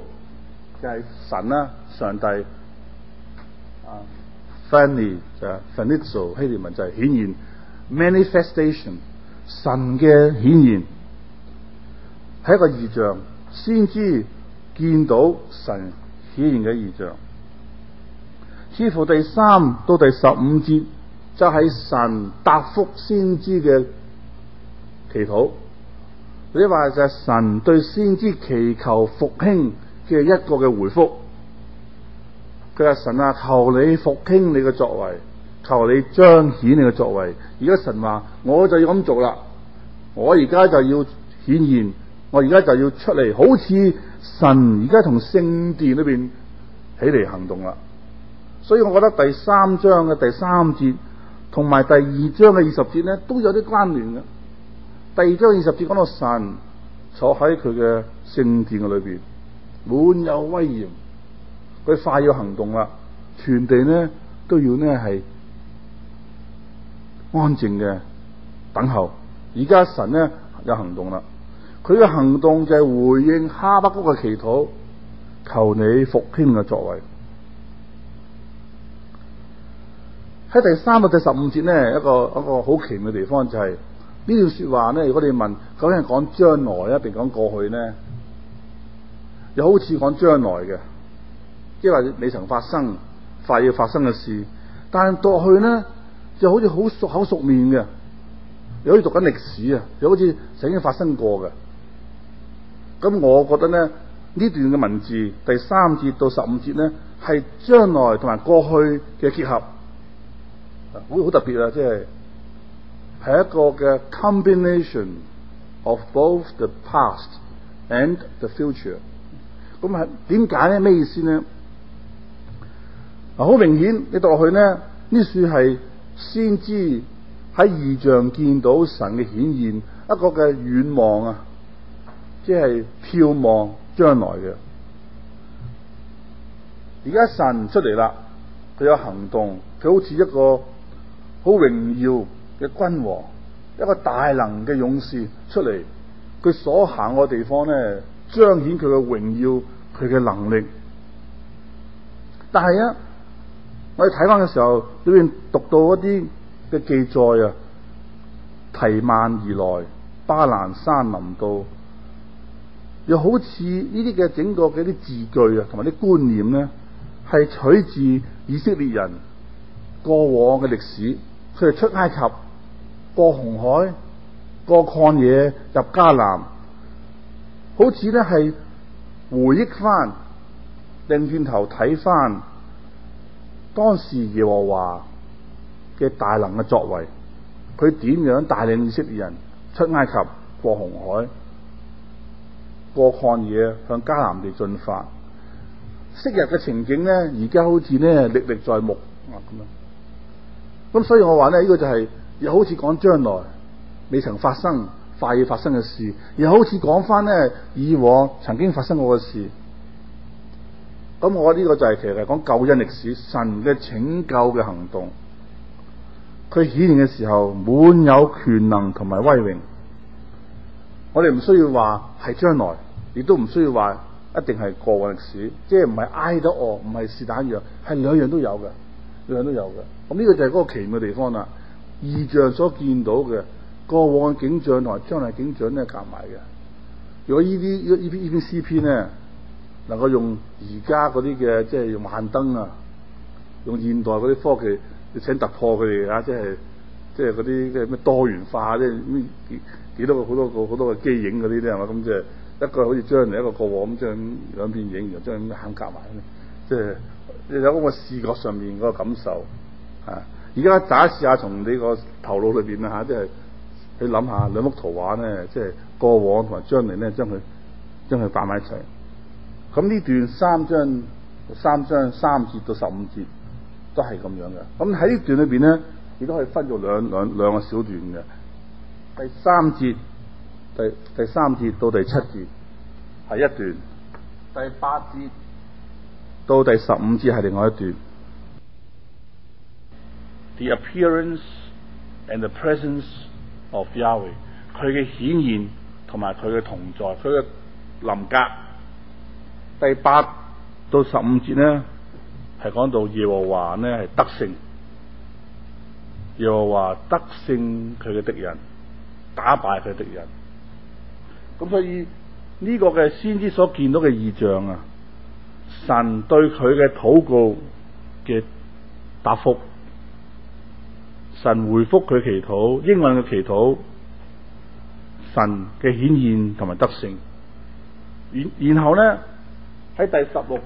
S1: 就係神啦，上帝啊 phany 就 phany 希臘文就係顯現，Manifestation 神嘅顯現係一個異象，先知見到神。顯現嘅異象，似乎第三到第十五節就係、是、神答覆先知嘅祈禱。你話就係、是、神對先知祈求復興嘅一個嘅回覆。佢話神啊，求你復興你嘅作為，求你彰顯你嘅作為。而家神話，我就要咁做啦，我而家就要顯現。我而家就要出嚟，好似神而家同聖殿裏邊起嚟行動啦。所以我覺得第三章嘅第三節同埋第二章嘅二十節咧，都有啲關聯嘅。第二章二十節講到神坐喺佢嘅聖殿嘅裏邊，滿有威嚴，佢快要行動啦，全地咧都要咧係安靜嘅等候。而家神咧有行動啦。佢嘅行動就係回應哈巴谷嘅祈禱，求你復興嘅作為。喺第三到第十五節咧，一個一個好奇妙嘅地方就係、是、呢段說話咧。如果你問究竟係講將來啊，定講過去咧，又好似講將來嘅，因為未曾發生、快要發生嘅事，但係過去咧，就好似好熟口熟面嘅，又好似讀緊歷史啊，又好似曾經發生過嘅。咁我覺得咧，呢段嘅文字第三節到十五節咧，係將來同埋過去嘅結合。好好特別啊，即係係一個嘅 combination of both the past and the future。咁係點解咧？咩意思咧？好明顯，你讀落去咧，呢處係先知喺異象見到神嘅顯現一個嘅遠望啊。即係眺望將來嘅，而家神出嚟啦，佢有行動，佢好似一個好榮耀嘅君王，一個大能嘅勇士出嚟，佢所行嘅地方咧，彰顯佢嘅榮耀，佢嘅能力。但係啊，我哋睇翻嘅時候，裏面讀到一啲嘅記載啊，提幔而來，巴蘭山臨到。又好似呢啲嘅整個嘅啲字句啊，同埋啲觀念咧，係取自以色列人過往嘅歷史，佢哋出埃及、過紅海、過曠野入迦南，好似咧係回憶翻，定轉頭睇翻當時耶和華嘅大能嘅作為，佢點樣帶領以色列人出埃及、過紅海？過看嘢向迦南地進發，昔日嘅情景咧，而家好似咧歷歷在目啊咁樣。咁所以我話咧呢、這個就係、是、又好似講將來未曾發生、快要發生嘅事，又好似講翻咧以往曾經發生過嘅事。咁我呢個就係、是、其實係講救恩歷史，神嘅拯救嘅行動。佢顯現嘅時候滿有權能同埋威榮，我哋唔需要話係將來。亦都唔需要話一定係過往歷史，即係唔係挨得惡，唔係是但樣，係兩樣都有嘅，兩樣都有嘅。咁呢個就係嗰個奇妙嘅地方啦。異象所見到嘅過往嘅景象同埋將來嘅景象咧夾埋嘅。如果依啲呢啲呢啲詩篇咧，能夠用而家嗰啲嘅即係用幻燈啊，用現代嗰啲科技去請突破佢哋啊，即係即係嗰啲即係咩多元化即係幾幾多個好多個好多個機影嗰啲咧，係嘛咁即係。一個好似將來一個過往咁，將兩片影然後，將咁夾埋，即係有嗰個視覺上面嗰個感受啊！而家假試下從你個頭腦裏邊啊，即係你諗下兩幅圖畫咧，即係過往同埋將來咧，將佢將佢擺埋一齊。咁呢段三章，三章，三節到十五節都係咁樣嘅。咁喺呢段裏邊咧，亦都可以分咗兩兩兩個小段嘅第三節。第第三節到第七節係一段，第八節到第十五節係另外一段。The appearance and the presence of Yahweh，佢嘅顯現同埋佢嘅同在，佢嘅臨格。第八到十五節呢係講到耶和華呢係得勝，耶和華得勝佢嘅敵人，打敗佢敵人。咁所以呢、這個嘅先知所見到嘅異象啊，神對佢嘅禱告嘅答覆，神回覆佢祈禱，英文嘅祈禱，神嘅顯現同埋德性，然然後咧，喺第十六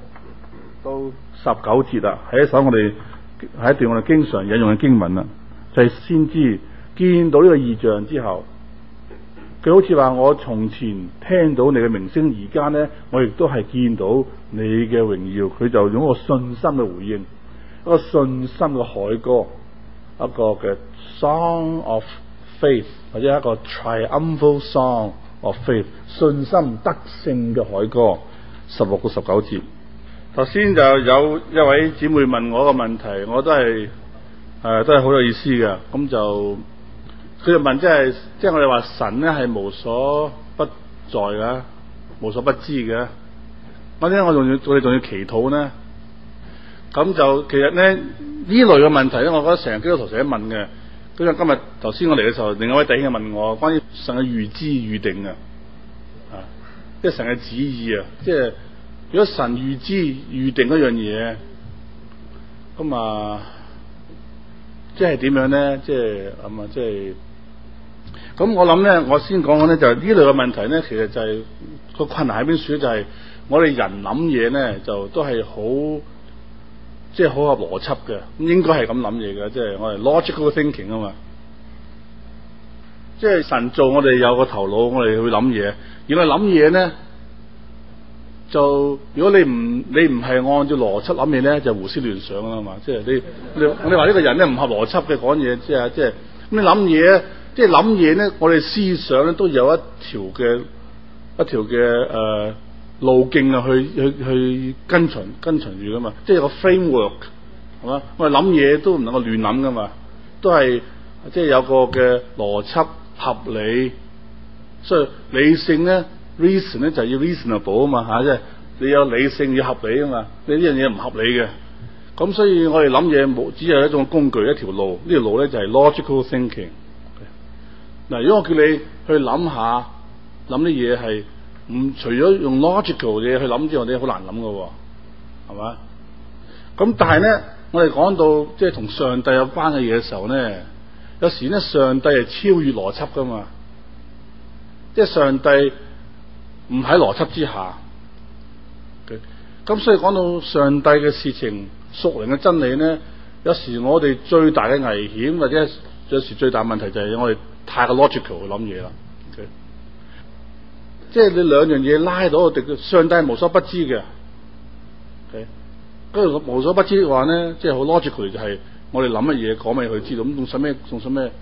S1: 到十九節啊，係一首我哋係一段我哋經常引用嘅經文啊，就係、是、先知見到呢個異象之後。佢好似話我從前聽到你嘅名聲，而家呢，我亦都係見到你嘅榮耀。佢就用一個信心嘅回應，一個信心嘅凱歌，一個嘅 Song of Faith 或者一個 Triumphal Song of Faith，信心得勝嘅凱歌，十六到十九節。頭先就有一位姐妹問我個問題，我都係誒都係好有意思嘅，咁就。佢就問，即係即係我哋話神咧係無所不在噶，無所不知嘅。我咧，我仲要，我哋仲要祈禱咧。咁就其實咧呢類嘅問題咧，我覺得成日基督徒成日問嘅。咁樣今日頭先我嚟嘅時候，另外一位弟兄問我關於神嘅預知、預定嘅，啊，啊，即係神嘅旨意啊。即係如果神預知預、預定一樣嘢，咁啊，即係點樣咧？即係咁啊，即係。咁我諗咧，我先講嘅咧就係呢類嘅問題咧，其實就係、是、個困難喺邊處咧，就係、是、我哋人諗嘢咧，就都係好即係好合邏輯嘅，咁應該係咁諗嘢嘅，即、就、係、是、我哋 logical thinking 啊嘛。即、就、係、是、神造我哋有個頭腦，我哋去諗嘢。而我諗嘢咧，就如果你唔你唔係按照邏輯諗嘢咧，就胡思亂想啦嘛。即、就、係、是、你你你話呢個人咧唔合邏輯嘅講嘢，即係即係咁你諗嘢。即係諗嘢咧，我哋思想咧都有一條嘅一條嘅誒路徑啊，去去去跟隨跟隨住噶嘛。即係有個 framework 係嘛，我哋諗嘢都唔能夠亂諗噶嘛，都係即係有個嘅邏輯合理。所以理性咧，reason 咧就係要 reasonable 啊嘛吓，即係你有理性要合理啊嘛。你呢樣嘢唔合理嘅，咁所以我哋諗嘢冇只係一種工具，一條路。呢條路咧就係 logical thinking。嗱，如果我叫你去諗下諗啲嘢，係唔除咗用 logical 嘅嘢去諗之外，你好難諗噶，係嘛？咁但係咧，我哋講到即係同上帝有關嘅嘢嘅時候咧，有時咧上帝係超越邏輯噶嘛，即係上帝唔喺邏輯之下。咁、okay? 所以講到上帝嘅事情、屬靈嘅真理咧，有時我哋最大嘅危險或者有時最大問題就係我哋。太過 logical 去諗嘢啦，okay? 即係你兩樣嘢拉到我哋嘅上帝係無所不知嘅，跟、okay? 住無所不知嘅話咧，即係好 logical 就係我哋諗乜嘢講俾佢知道，咁仲使咩？仲使咩？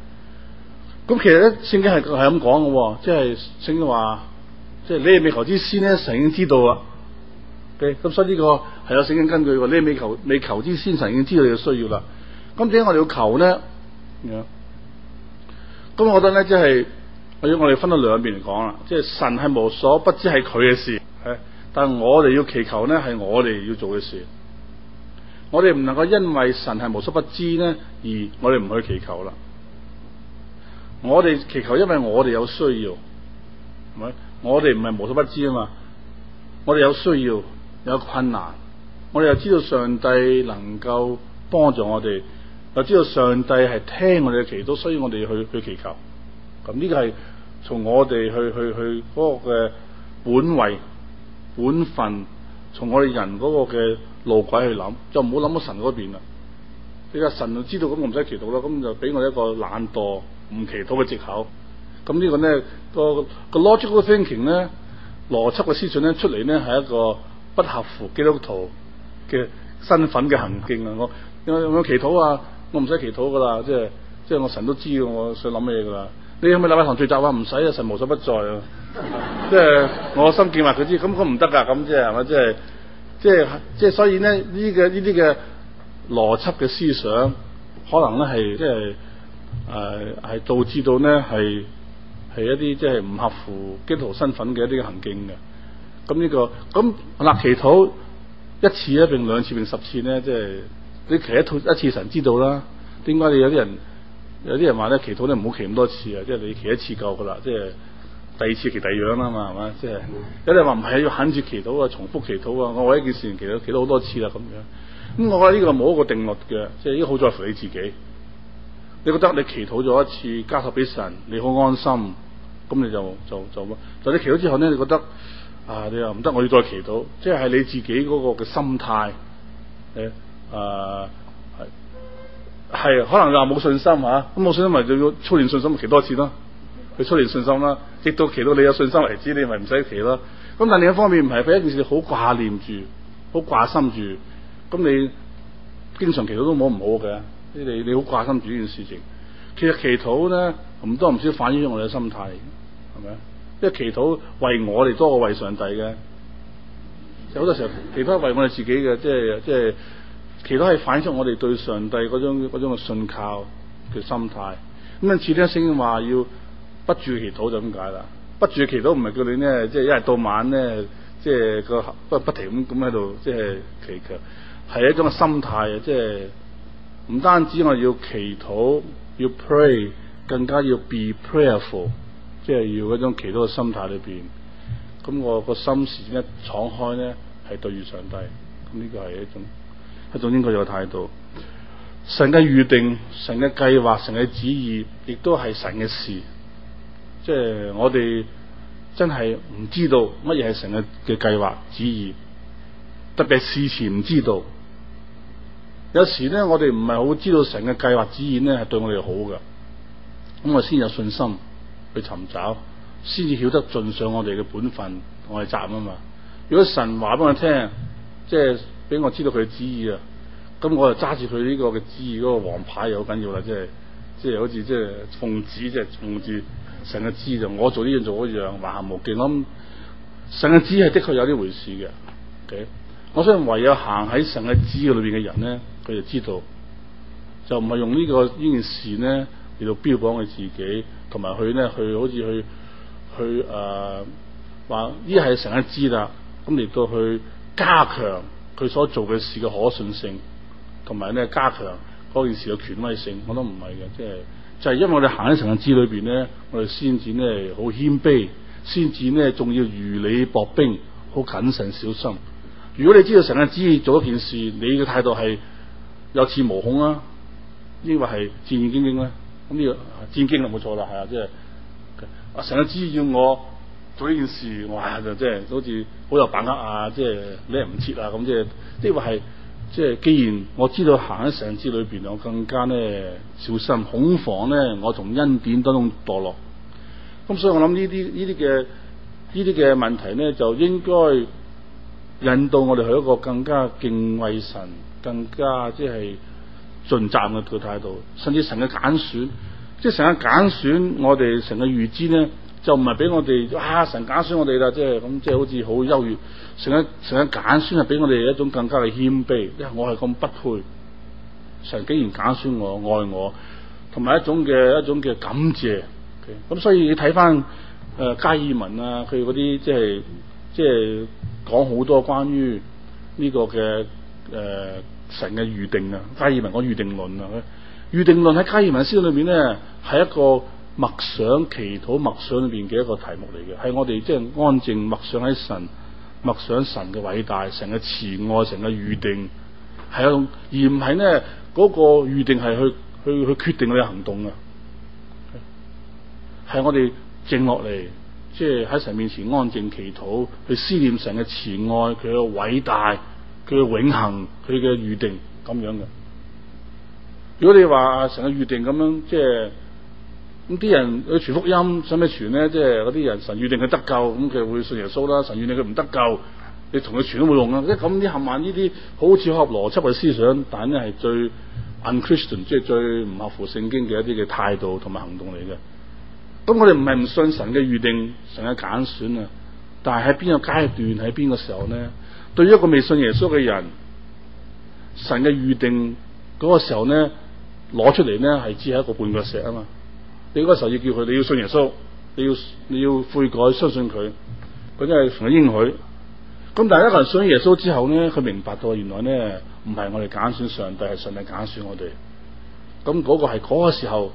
S1: 咁其實咧聖經係係咁講嘅，即係聖經話，即係、哦就是、你未求之先咧，神已經知道啦。咁、okay? 所以呢個係有聖經根據，你未求未求之先，神已經知道你嘅需要啦。咁點解我哋要求咧？咁我覺得咧，即係我要我哋分到兩邊嚟講啦，即係神係無所不知係佢嘅事，係，但係我哋要祈求咧，係我哋要做嘅事，我哋唔能夠因為神係無所不知咧，而我哋唔去祈求啦，我哋祈求因為我哋有需要，係咪？我哋唔係無所不知啊嘛，我哋有需要，有困難，我哋又知道上帝能夠幫助我哋。我知道上帝係聽我哋嘅祈禱，所以我哋去去祈求。咁呢個係從我哋去去去嗰個嘅本位、本分，從我哋人嗰個嘅路軌去諗，就唔好諗到神嗰邊啦。你話神知道咁，唔使祈禱啦，咁就俾我哋一個懶惰、唔祈禱嘅借口。咁呢個呢個個 logic 嘅 thinking 呢，邏輯嘅思想咧，出嚟呢係一個不合乎基督徒嘅身份嘅行徑啊！我有冇祈禱啊？我唔使祈禱噶啦，即係即係我神都知道我想諗咩嘢噶啦？你可唔可以禮拜堂聚集啊？唔使啊，神無所不在啊！ 即係我心見話佢知，咁咁唔得噶，咁即係係咪？即係即係即係，所以咧呢嘅呢啲嘅邏輯嘅思想，可能咧係即係誒係導致到咧係係一啲即係唔合乎基督徒身份嘅一啲行徑嘅。咁呢個咁立祈禱一次定兩次定十次咧，即係。你祈一套一次，神知道啦。點解你有啲人有啲人話咧？祈禱你唔好祈咁多次啊！即係你祈一次夠噶啦，即係第二次祈第二樣啦嘛，係嘛？即係有啲人話唔係要肯住祈禱啊，重複祈禱啊！我為一件事而祈禱祈咗好多次啦咁樣。咁我覺得呢個冇一個定律嘅，即係呢個好在乎你自己。你覺得你祈禱咗一次交託俾神，你好安心，咁你就就就咁。但你祈禱之後咧，你覺得啊，你又唔得，我要再祈禱。即係係你自己嗰個嘅心態誒。誒，係係、呃，可能又冇信心吓，咁、啊、冇信心咪就要操練信心，祈多次咯，佢操練信心啦，直到祈到你有信心為止，你咪唔使祈咯。咁但另一方面唔係，俾一件事好掛念住，好掛心住，咁你經常祈禱都冇唔好嘅，你你你好掛心住呢件事情，其實祈禱咧唔多唔少反映咗我哋嘅心態，係咪啊？因為祈禱為我哋多過為上帝嘅，有好多時候祈禱為我哋自己嘅，即係即係。其他係反映出我哋對上帝嗰種種嘅信靠嘅心態。咁因此呢聖經話要不住祈禱就咁解啦。不住祈禱唔係叫你咧，即係一日到晚咧，即係個不不，不，不停咁咁喺度即係祈求，係、就是、一種嘅心態啊！即係唔單止我要祈禱，要 pray，更加要 be prayerful，即係要嗰種祈禱嘅心態裏邊。咁我個心事一敞開咧，係對住上帝。咁呢個係一種。一種應該有個態度，神嘅預定、神嘅計劃、神嘅旨意，亦都係神嘅事。即係我哋真係唔知道乜嘢係神嘅嘅計劃、旨意，特別事前唔知道。有時咧，我哋唔係好知道神嘅計劃、旨意咧係對我哋好嘅，咁我先有信心去尋找，先至曉得盡上我哋嘅本分同我哋責任啊嘛。如果神話俾我聽，即係。俾我知道佢嘅旨意啊！咁我就揸住佢呢個嘅旨意，嗰個王牌又、即係即係、好緊要啦，即係即係好似即係奉旨，即係奉住神嘅旨意，就我做呢樣做嗰樣，橫行無忌。咁神嘅旨意係的確有啲回事嘅。Okay? 我相信唯有行喺神嘅旨意裏邊嘅人咧，佢就知道，就唔係用呢個呢件事咧嚟到標榜佢自己，同埋佢咧佢好似佢佢誒話呢係神嘅旨意啦。咁嚟、呃、到去加強佢所做嘅事嘅可信性，同埋咧加強嗰件事嘅權威性，我都唔係嘅，即係就係、是就是、因為我哋行喺神嘅旨裏邊咧，我哋先至咧好謙卑，先至咧仲要如履薄冰，好謹慎小心。如果你知道神嘅旨要做一件事，你嘅態度係有恃無恐啊，抑或係戰戰兢兢咧？咁呢個戰兢啦，冇錯啦，係啊，即係神嘅旨要我。做呢件事，我呀就即、是、係好似好有把握啊、就是，即係叻唔切啊咁，即係即係話係即係既然我知道行喺成市裏邊，我更加咧小心，恐防咧我從恩典當中墮落。咁所以我諗呢啲呢啲嘅呢啲嘅問題咧，就應該引導我哋去一個更加敬畏神、更加即係盡責嘅態度，甚至神嘅揀選。即係神揀選，選我哋神嘅預知咧。就唔係俾我哋啊！神揀選我哋啦，即係咁，即係好似好優越，成日成日揀選係俾我哋一種更加嘅謙卑，因、哎、為我係咁不配，神竟然揀選我，愛我，同埋一種嘅一種嘅感謝。咁、okay? 所以你睇返誒加爾文啊，佢嗰啲即係即係講好多關於呢個嘅誒、呃、神嘅預定啊，加爾文個預定論啊，預定論喺加爾文書裏面咧係一個。默想祈禱，默想裏邊嘅一個題目嚟嘅，係我哋即係安靜默想喺神，默想神嘅偉大，神嘅慈愛，神嘅預定係啊，而唔係咧個預定係去去去決定你嘅行動啊，係我哋靜落嚟，即係喺神面前安靜祈禱，去思念神嘅慈愛，佢嘅偉大，佢嘅永恆，佢嘅預定咁樣嘅。如果你話神嘅預定咁樣，即係。咁啲人去傳福音，使咩傳咧？即係啲人神預定佢得救，咁佢會信耶穌啦。神預定佢唔得救，你同佢傳都冇用啦，即係咁啲冚唪唥呢啲好似合邏輯嘅思想，但係咧係最 unchristian，即係最唔合乎聖經嘅一啲嘅態度同埋行動嚟嘅。咁我哋唔係唔信神嘅預定，神嘅揀選啊！但係喺邊個階段，喺邊個時候咧？對於一個未信耶穌嘅人，神嘅預定、嗰個時候咧，攞出嚟咧係只係一個半個石啊嘛～你嗰時候要叫佢哋要信耶穌，你要你要悔改，相信佢，佢真係同佢應許。咁但係一個人信耶穌之後咧，佢明白到原來咧唔係我哋揀選上帝，係上帝揀選我哋。咁、嗰個係個時候，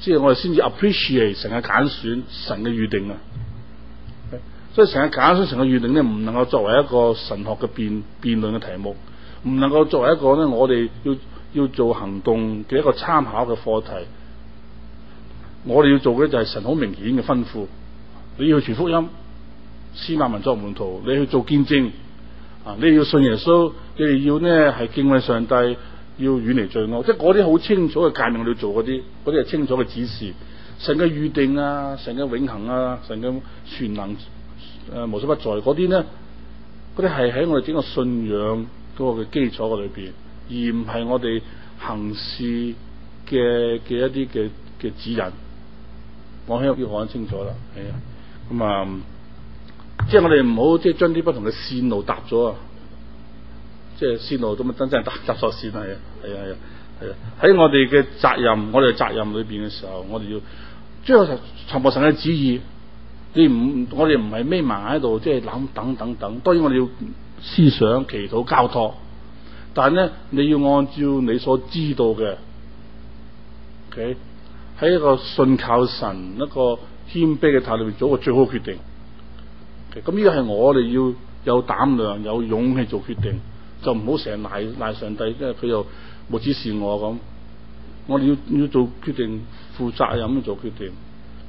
S1: 即係我哋先至 appreciate 成個揀選神嘅預定啊！所以成個揀選成個預定咧，唔能夠作為一個神學嘅辯辯論嘅題目，唔能夠作為一個咧我哋要要做行動嘅一個參考嘅課題。我哋要做嘅就係神好明顯嘅吩咐，你要去傳福音，使萬民作門徒，你去做見證，啊，你要信耶穌，你哋要呢係敬畏上帝，要遠離罪惡，即係嗰啲好清楚嘅誡命，你要做啲，嗰啲係清楚嘅指示。神嘅預定啊，神嘅永恆啊，神嘅全能誒、呃、無所不在，嗰啲呢，嗰啲係喺我哋整個信仰個嘅基礎裏邊，而唔係我哋行事嘅嘅一啲嘅嘅指引。我喺入邊講清楚啦，係啊，咁、嗯、啊，即係我哋唔好即係將啲不同嘅線路搭咗啊，即係線路咁啊，真真係搭咗線，係啊，係啊，係啊，喺我哋嘅責任，我哋責任裏邊嘅時候，我哋要將神、神父神嘅旨意，你唔，我哋唔係眯埋喺度即係諗等等，等等，當然我哋要思想、祈禱、交託，但係咧你要按照你所知道嘅，OK。喺一個信靠神一個謙卑嘅態度，做個最好嘅決定。咁呢個係我哋要有膽量、有勇氣做決定，就唔好成日賴賴上帝，即係佢又冇指示我咁。我哋要要做決定，負責任做決定。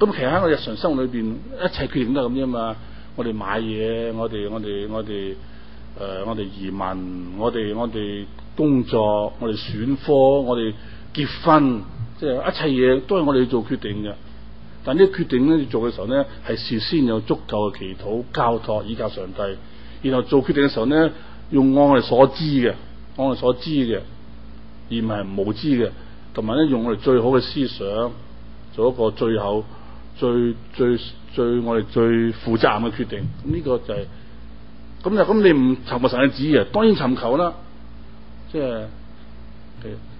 S1: 咁、嗯、其實喺我日常生活裏邊，一切決定都係咁啫嘛。我哋買嘢，我哋我哋我哋誒，我哋、呃、移民，我哋我哋工作，我哋選科，我哋結婚。即係一切嘢都係我哋做決定嘅，但呢個決定咧，做嘅時候咧，係事先有足夠嘅祈禱、交託以及上帝，然後做決定嘅時候咧，用我哋所知嘅，按我哋所知嘅，而唔係無知嘅，同埋咧用我哋最好嘅思想，做一個最後、最、最、最、最我哋最負責任嘅決定。呢個就係、是、咁就咁、是，你唔尋物神嘅旨意，當然尋求啦。即係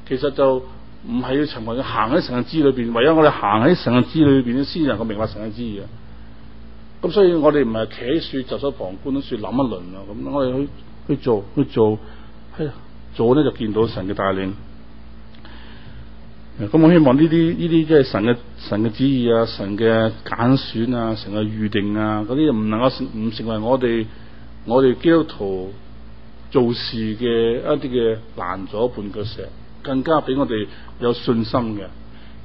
S1: 其實就。唔係要循環要行喺神嘅旨裏邊，唯有我哋行喺神嘅旨裏邊先能夠明白神嘅旨意啊。咁所以，我哋唔係企喺樹，袖手旁觀啲樹諗一輪啊，咁我哋去去做，去做，係做咧就見到神嘅帶領。咁我希望呢啲呢啲即係神嘅神嘅旨意啊，神嘅揀選啊，神嘅預定啊，嗰啲唔能夠唔成，成為我哋我哋基督徒做事嘅一啲嘅攔阻絆腳石。更加俾我哋有信心嘅，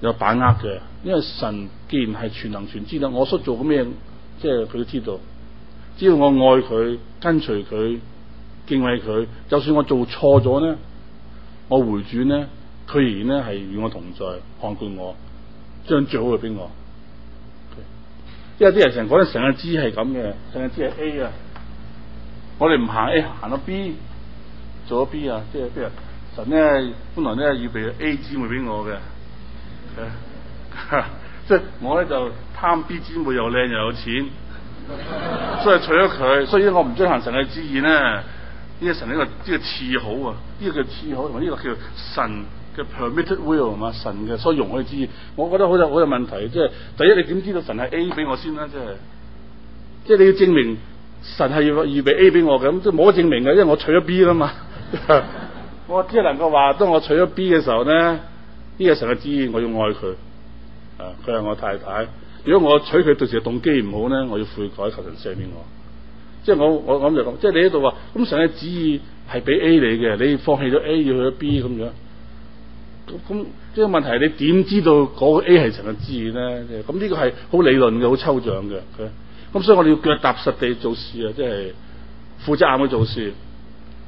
S1: 有把握嘅，因為神既然係全能全知嘅，我所做嘅咩，即係佢都知道。只要我愛佢，跟隨佢，敬畏佢，就算我做錯咗咧，我回轉咧，佢仍然係與我同在，看顧我，將最好嘅畀我。Okay. 因為啲人成日講得成日知係咁嘅，成日知係 A 啊，我哋唔行 A，行到 B，做咗 B 啊，即係邊啊？神咧，本來咧，預備 A 姊妹俾我嘅， 即係我咧就貪 B 姊妹又靚又有錢， 所以娶咗佢。所以我唔追循神嘅旨意咧，呢、這個神呢、這個呢、這個賜好啊，呢、這個叫賜好，同埋呢個叫、這個這個這個、神嘅 permitted will 啊嘛，神嘅所以容我嘅旨意。我覺得好有好有問題，即、就、係、是、第一你點知道神係 A 俾我先啦？就是、 即係即係你要證明神係要預備 A 俾我嘅咁，都冇得證明嘅，因為我娶咗 B 啦嘛。 我只係能夠話，當我娶咗 B 嘅時候咧，呢、這個神嘅旨意我要愛佢，啊，佢係我太太。如果我娶佢到時嘅動機唔好咧，我要悔改求神赦免我。即係我我我咁就講，即係你喺度話，咁神嘅旨意係俾 A 你嘅，你放棄咗 A 要去咗 B 咁樣。咁咁，即係、那個、問題你點知道嗰個 A 係神嘅旨意咧？咁呢個係好理論嘅，好抽象嘅。咁所以我哋要腳踏實地做事啊，即係負責硬去做事。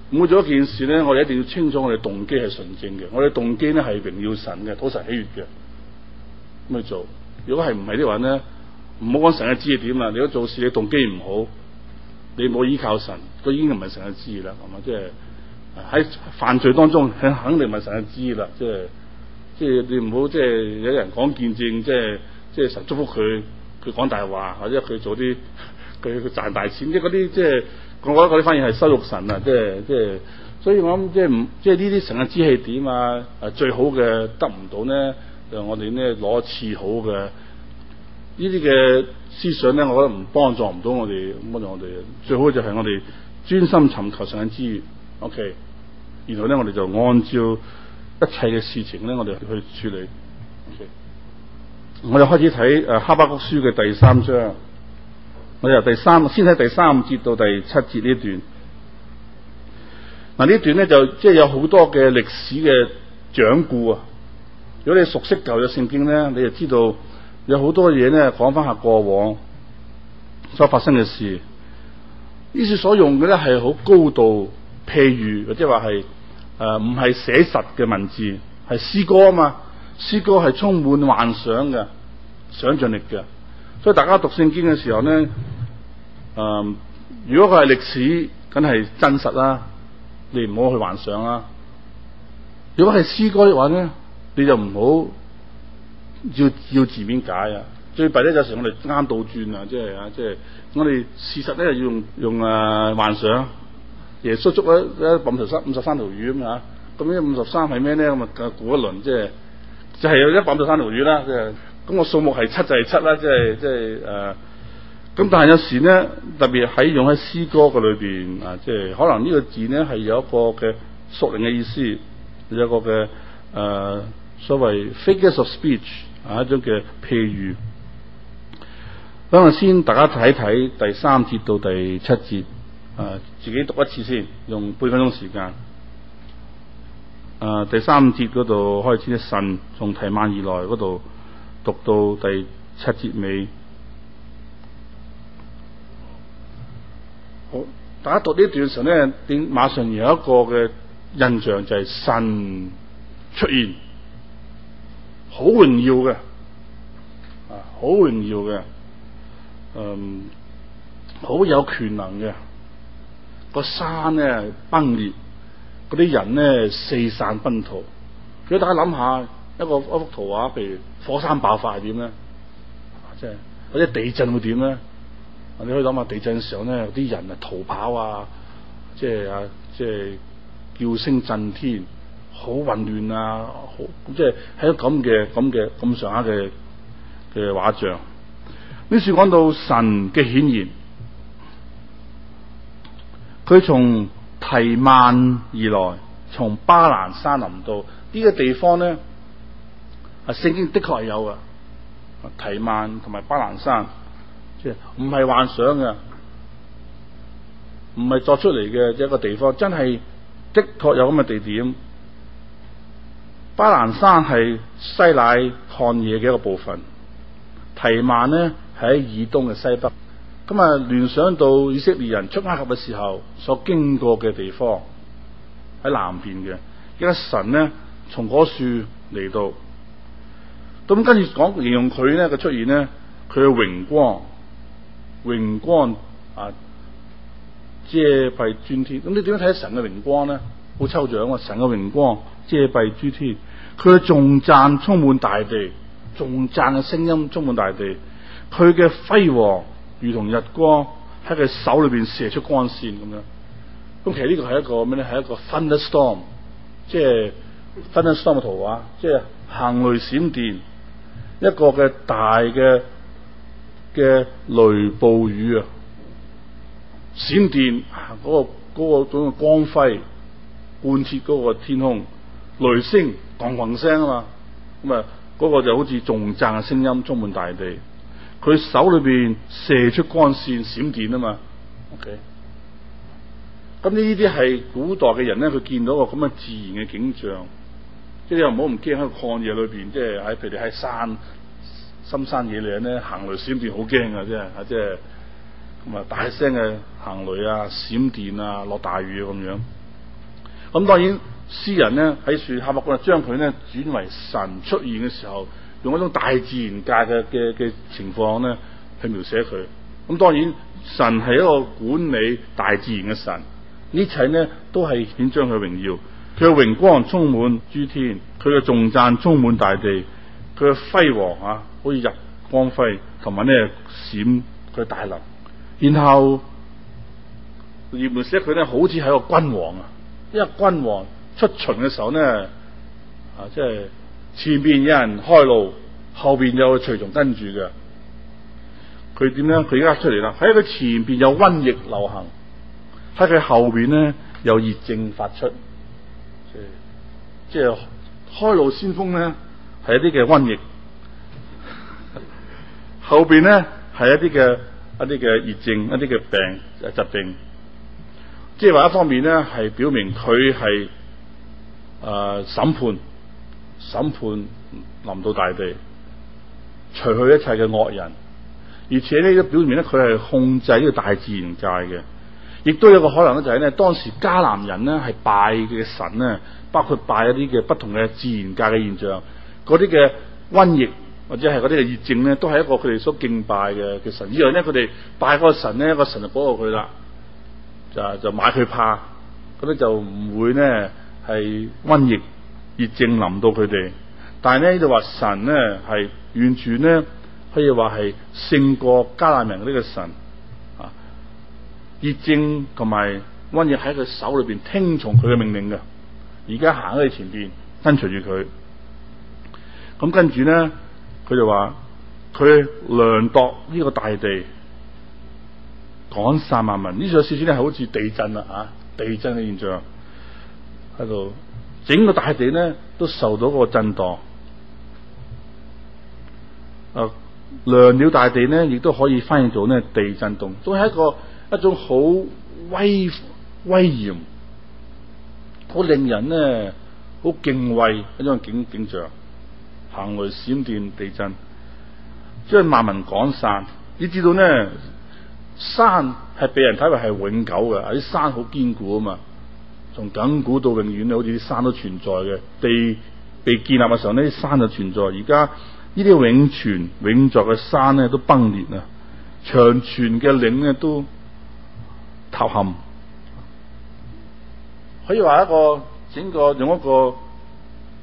S1: 每做一件事咧，我哋一定要清楚我，我哋動機係純正嘅。我哋動機咧係榮耀神嘅，討神喜悦嘅咁去做。如果係唔係呢話咧，唔好講神嘅旨意點啦。你如果做事你動機唔好，你冇依靠神，佢已經唔係神嘅旨意啦。係嘛，即係喺犯罪當中，肯定唔係神嘅旨意啦。即係即係你唔好即係有人講見證，即係即係神祝福佢，佢講大話，或者佢做啲佢賺大錢，即係嗰啲即係。我覺得嗰啲反而係羞辱神啊！即係即係，所以我諗即係唔即係呢啲神嘅知識點啊！誒、啊、最好嘅得唔到呢，就是、我哋呢攞次好嘅呢啲嘅思想呢，我覺得唔幫助唔到我哋，幫助我哋最好就係我哋專心尋求神嘅資源。OK，然後呢，我哋就按照一切嘅事情呢，我哋去處理。OK，我哋開始睇誒《哈巴谷書》嘅第三章。我由第三，先睇第三節到第七節呢段，嗱、啊、呢段咧就即係、就是、有好多嘅歷史嘅掌故啊！如果你熟悉舊約聖經咧，你就知道有好多嘢咧講翻下過往所發生嘅事。呢次所用嘅咧係好高度譬喻或者話係誒唔係寫實嘅文字，係詩歌啊嘛，詩歌係充滿幻想嘅想象力嘅。所以大家讀聖經嘅時候咧，誒、呃，如果佢係歷史，梗係真實啦，你唔好去幻想啦。如果係詩歌嘅話咧，你就唔好要要字面解啊。最弊咧有時我哋啱倒轉啊，即係啊，即係我哋事實咧要用用誒幻想。耶穌捉咗一百五十三五十三條魚咁啊，咁呢，五十三係咩咧？我咪估一輪，即係就係有一百五十三條魚啦，即係。咁個數目係七就係七啦，即係即係誒。咁、呃、但係有時呢，特別喺用喺詩歌嘅裏邊啊，即係可能呢個字呢係有一個嘅屬靈嘅意思，有一個嘅誒、呃、所謂 figures of speech 係、啊、一種嘅譬喻。等陣先，大家睇睇第三節到第七節，誒、呃、自己讀一次先，用半分鐘時間。誒、呃、第三節嗰度開始神，神從提幔而來嗰度。讀到第七節尾，好，大家讀段呢段嘅時候咧，點馬上有一個嘅印象就係、是、神出現，好榮耀嘅，啊，好榮耀嘅，嗯，好有權能嘅，個山咧崩裂，嗰啲人咧四散奔逃，如果大家諗下。一個一幅圖畫，譬如火山爆發係點咧？即係或者地震會點咧？你可以諗下，地震嘅時候咧，有啲人啊逃跑啊，即係啊，即係叫聲震天，好混亂啊，好咁，即係喺咁嘅咁嘅咁上下嘅嘅畫像。呢段講到神嘅顯現，佢從提曼而來，從巴蘭山臨到呢個地方咧。聖經的確係有嘅，提曼同埋巴蘭山，即係唔係幻想嘅，唔係作出嚟嘅一個地方，真係的，的確有咁嘅地點。巴蘭山係西乃曠野嘅一個部分，提曼呢，喺以東嘅西北，咁啊聯想到以色列人出埃及嘅時候所經過嘅地方，喺南邊嘅，而神呢，從嗰樹嚟到。咁跟住講形容佢咧嘅出現咧，佢嘅榮光、榮光啊遮蔽諸天。咁你點樣睇神嘅榮光咧？好抽象啊、哦！神嘅榮光遮蔽諸天，佢嘅頌讚充滿大地，頌讚嘅聲音充滿大地，佢嘅輝煌如同日光，喺佢手裏邊射出光線咁樣，咁其實呢個係一個咩咧？係一個 Thunderstorm，即係 Thunderstorm 嘅圖畫，即係行雷閃電。一個嘅大嘅嘅雷暴雨啊，閃電嗰、嗰個、嗰個種嘅光輝，貫徹個天空，雷聲轟轟聲啊嘛，咁、嗰、啊個就好似頌讚嘅聲音充滿大地，佢手裏邊射出光線閃電啊嘛，OK，咁呢呢啲係古代嘅人咧，佢見到個咁嘅自然嘅景象。即係又唔好唔驚，喺曠野裏邊，即係喺譬如喺山深山野嶺咧，行雷閃電好驚嘅啫，啊即係咁啊、就是、大聲嘅行雷啊閃電啊落大雨啊咁樣。咁當然詩人呢喺樹下目光啊將佢呢轉為神出現嘅時候，用一種大自然界嘅嘅嘅情況咧去描寫佢。咁當然神係一個管理大自然嘅神，呢一切呢都係顯彰佢榮耀。佢嘅榮光充滿諸天，佢嘅頌讚充滿大地，佢嘅輝煌啊，好似日光輝，同埋咧閃佢大能。然後葉門寫佢咧，好似係個君王啊，因為君王出巡嘅時候咧，啊，即係前邊有人開路，後邊有隨從跟住嘅。佢點樣？佢而家出嚟啦。喺佢前邊有瘟疫流行，喺佢後邊咧有熱症發出。即係開路先鋒咧，係一啲嘅瘟疫， 後邊咧係一啲嘅一啲嘅疫症，一啲嘅病誒疾病，即係話一方面咧係表明佢係誒審判審判臨到大地，除去一切嘅惡人，而且咧都表明咧佢係控制呢個大自然界嘅，亦都有個可能咧，就係咧當時迦南人咧係拜嘅神咧，包括拜一啲嘅不同嘅自然界嘅現象，嗰啲嘅瘟疫或者係嗰啲嘅熱症咧，都係一個佢哋所敬拜嘅嘅神。之後咧佢哋拜個神咧，個神就保護佢啦，就就買佢怕，咁咧就唔會咧係瘟疫熱症臨到佢哋。但係咧呢度話神咧係完全咧可以話係勝過迦南人呢個神。熱症同埋瘟疫喺佢手裏邊，聽從佢嘅命令嘅，而家行喺佢前邊跟隨住佢。咁跟住咧，佢就話佢量度呢個大地，趕散萬民。呢組詩句咧，係好似地震啦啊！地震嘅現象喺度，整個大地咧都受到個震盪。誒、啊，量了大地咧，亦都可以翻譯到呢地，震動，都係一個。一種好威威嚴，好令人咧好敬畏一種景景象，行雷閃電地震，即係萬民趕散。你知道呢，山係被人睇為係永久嘅，喺山好堅固啊嘛。從亙古到永遠咧，好似啲山都存在嘅。地被建立嘅時候，呢啲山就存在。而家呢啲永存永在嘅山咧，都崩裂啦，長存嘅嶺咧都塌陷，可以話一個整個用一個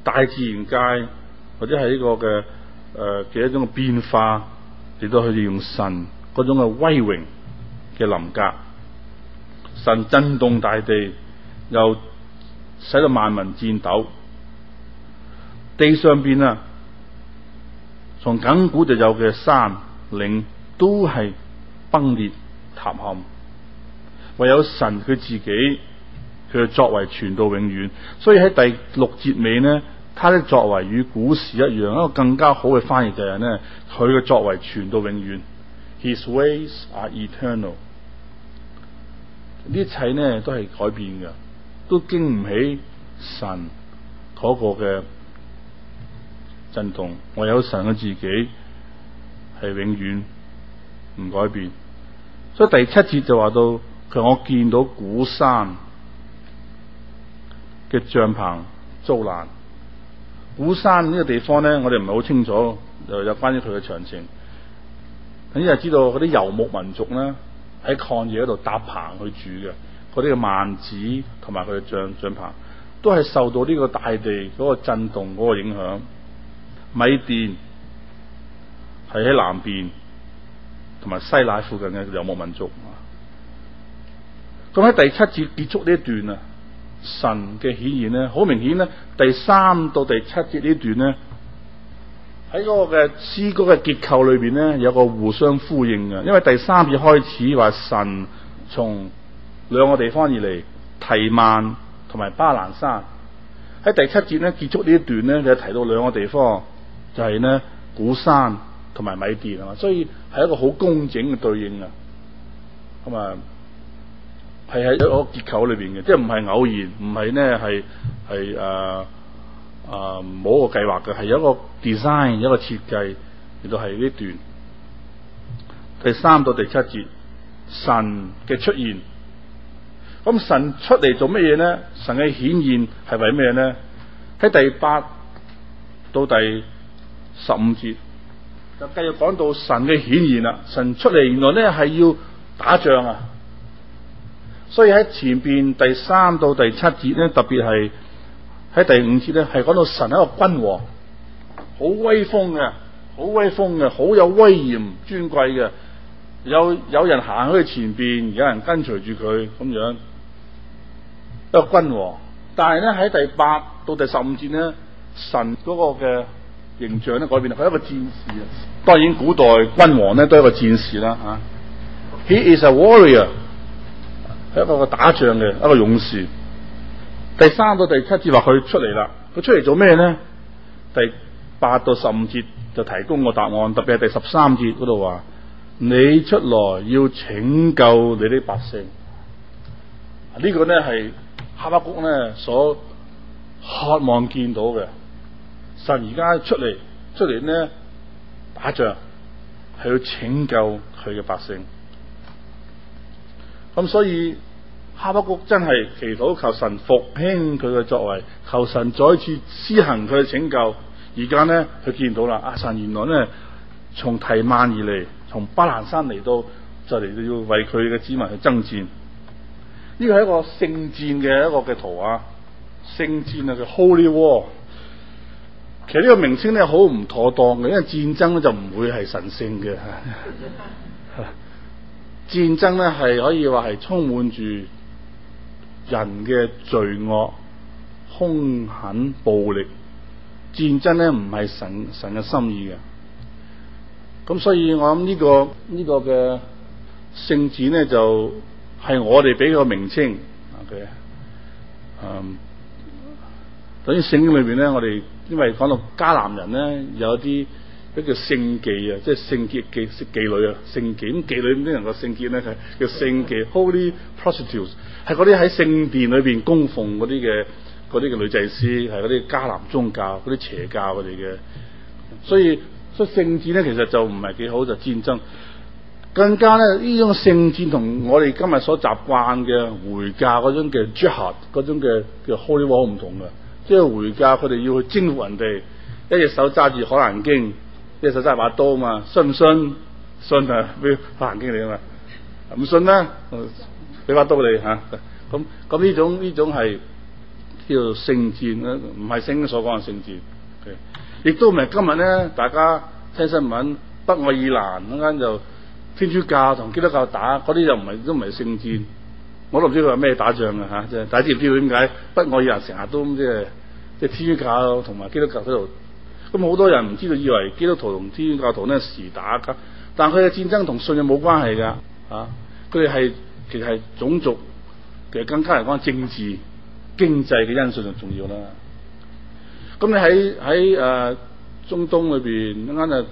S1: 大自然界或者係呢個嘅誒嘅一種變化，亦都可以用神嗰種嘅威榮嘅臨格，神震動大地，又使到萬民戰抖，地上邊啊，從亙古就有嘅山嶺都係崩裂塌陷。唯有神佢自己，佢嘅作為傳到永遠。所以喺第六節尾咧，他的作為與古時一樣。一個更加好嘅翻譯就係咧，佢嘅作為傳到永遠。His ways are eternal。呢一切咧都係改變嘅，都經唔起神個嘅震動。唯有神嘅自己係永遠唔改變。所以第七節就話到。佢，我見到古珊嘅帳篷遭難，古珊呢個地方咧，我哋唔係好清楚，有關於佢嘅詳情。咁就知道啲游牧民族咧，喺曠野度搭棚去住嘅，啲嘅幔子同埋佢嘅帳帳篷都係受到呢個大地個震動個影響，米甸係喺南邊同埋西乃附近嘅游牧民族。咁喺第七節結束呢一段啊，神嘅顯現咧，好明顯咧，第三到第七節呢段咧，喺嗰個嘅詩歌嘅結構裏邊咧，有個互相呼應嘅，因為第三節開始話神從兩個地方而嚟，提曼同埋巴蘭山，喺第七節咧結束呢一段咧，就提到兩個地方，就係咧古山同埋米甸啊嘛，所以係一個好工整嘅對應啊，咁啊。係喺一個結構裏邊嘅，即係唔係偶然，唔係呢，係係誒誒冇個計劃嘅，係有一個 design 一個設計，亦都係呢段第三到第七節神嘅出現。咁神出嚟做乜嘢呢？神嘅顯現係為咩呢？喺第八到第十五節就繼續講到神嘅顯現啦。神出嚟原來呢係要打仗啊！所以喺前邊第三到第七節咧，特別係喺第五節咧，係講到神係一個君王，好威風嘅，好威風嘅，好有威嚴尊貴嘅，有有人行喺佢前邊，有人跟隨住佢咁樣一個君王。但係咧喺第八到第十五節咧，神嗰個嘅形象咧改變啦，佢係一個戰士啊。當然古代君王咧都係一個戰士啦。吓，啊，He is a warrior。一個個打仗嘅一個勇士，第三到第七節話佢出嚟啦，佢出嚟做咩咧？第八到十五節就提供個答案，特別係第十三節嗰度話：你出來要拯救你啲百姓。這個、呢個咧係哈巴谷咧所渴望見到嘅，神而家出嚟出嚟呢打仗，係要拯救佢嘅百姓。咁、嗯、所以哈巴谷真係祈禱求神復興佢嘅作為，求神再次施行佢嘅拯救。而家咧佢見到啦，阿神原來咧從提幔而嚟，從巴蘭山嚟到就嚟要為佢嘅子民去爭戰。呢個係一個聖戰嘅一個嘅圖畫。聖戰啊叫 Holy War。其實呢個名稱咧好唔妥當嘅，因為戰爭咧就唔會係神聖嘅。 戰爭咧係可以話係充滿住人嘅罪惡、兇狠、暴力。戰爭咧唔係神神嘅心意嘅，咁所以我諗、這個這個、呢個呢個嘅聖旨咧就係、是、我哋俾個名稱啊佢，okay. 嗯，等於聖經裏邊咧，我哋因為講到迦南人咧有啲。嗰叫聖妓啊，即係聖潔妓妓女啊，聖妓咁妓女啲人個聖潔咧？係叫聖妓 （Holy prostitutes） 係嗰啲喺聖殿裏邊供奉嗰啲嘅嗰啲嘅女祭司，係嗰啲迦南宗教嗰啲邪教嚟嘅。所以，所以聖戰咧其實就唔係幾好，就是、戰爭。更加咧，呢種聖戰同我哋今日所習慣嘅回教嗰種嘅 Jihad 嗰種嘅嘅 Holy War，唔同嘅，即係回教佢哋要去征服人哋，一隻手揸住《可蘭經》。即係手揸把刀嘛，信唔信？信啊，俾發行經理啊嘛，唔信啦，俾把刀你、啊、吓。咁咁呢種呢種係叫做聖戰啊，唔係聖經所講嘅聖戰。亦都唔係今日咧，大家聽新聞，北愛爾蘭嗰間就天主教同基督教打，嗰啲又唔係都唔係聖戰。我都唔知佢話咩打仗嘅吓、啊，即係大家知唔知道點解北愛爾蘭成日都即係即係天主教同埋基督教喺度。咁好多人唔知道，以為基督徒同天主教徒咧是時打噶，但係佢嘅戰爭同信仰冇關係噶，啊，佢哋係其實係種族，其實更加嚟講政治、經濟嘅因素就重要啦。咁你喺喺誒中東裏邊啱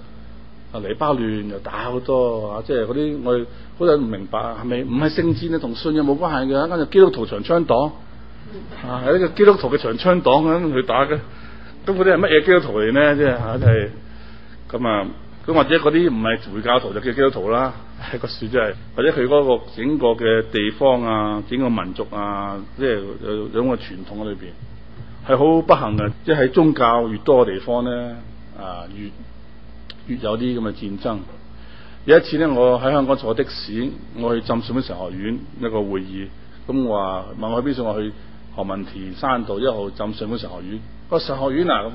S1: 就黎巴嫩又打好多，即係嗰啲我哋好多人唔明白，係咪唔係聖戰啊？同信仰冇關係嘅，啱就基督徒長槍黨，啊，喺個基督徒嘅長槍黨咁去打嘅。咁嗰啲係乜嘢基督徒嚟咧？即係嚇，即係咁啊！咁或者嗰啲唔係回教徒就叫基督徒啦。哎、個樹真係，或者佢嗰個整個嘅地方啊，整個民族啊，即係有咁嘅傳統喺裏邊，係好不幸嘅。即係喺宗教越多嘅地方咧，啊越越有啲咁嘅戰爭。有一次咧，我喺香港坐的士，我去浸信會神學院一個會議，咁話問我去邊度？送我去何文田山道一號浸信會神學院。我神、哦、學院嗱咁啊，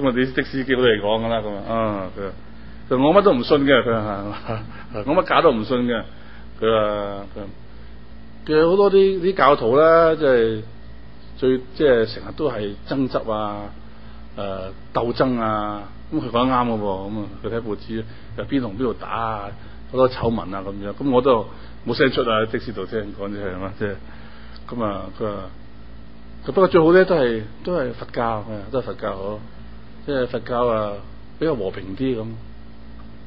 S1: 咁啊啲的士叫嚟講噶啦咁啊，啊佢話，佢我乜都唔信嘅，佢話，我乜假都唔信嘅，佢話佢其實好多啲啲教徒咧，就是，即係最即係成日都係爭執啊，誒、呃、鬥爭啊，咁佢講得啱嘅喎，咁啊，佢睇報紙又邊同邊度打啊，好多醜聞啊咁樣，咁我都冇聲出啊，的士度聽人講啫係嘛，即係咁啊，佢話。嗯不過最好咧都係都係佛教，係啊，都係佛教哦。即係佛教啊，比較和平啲咁。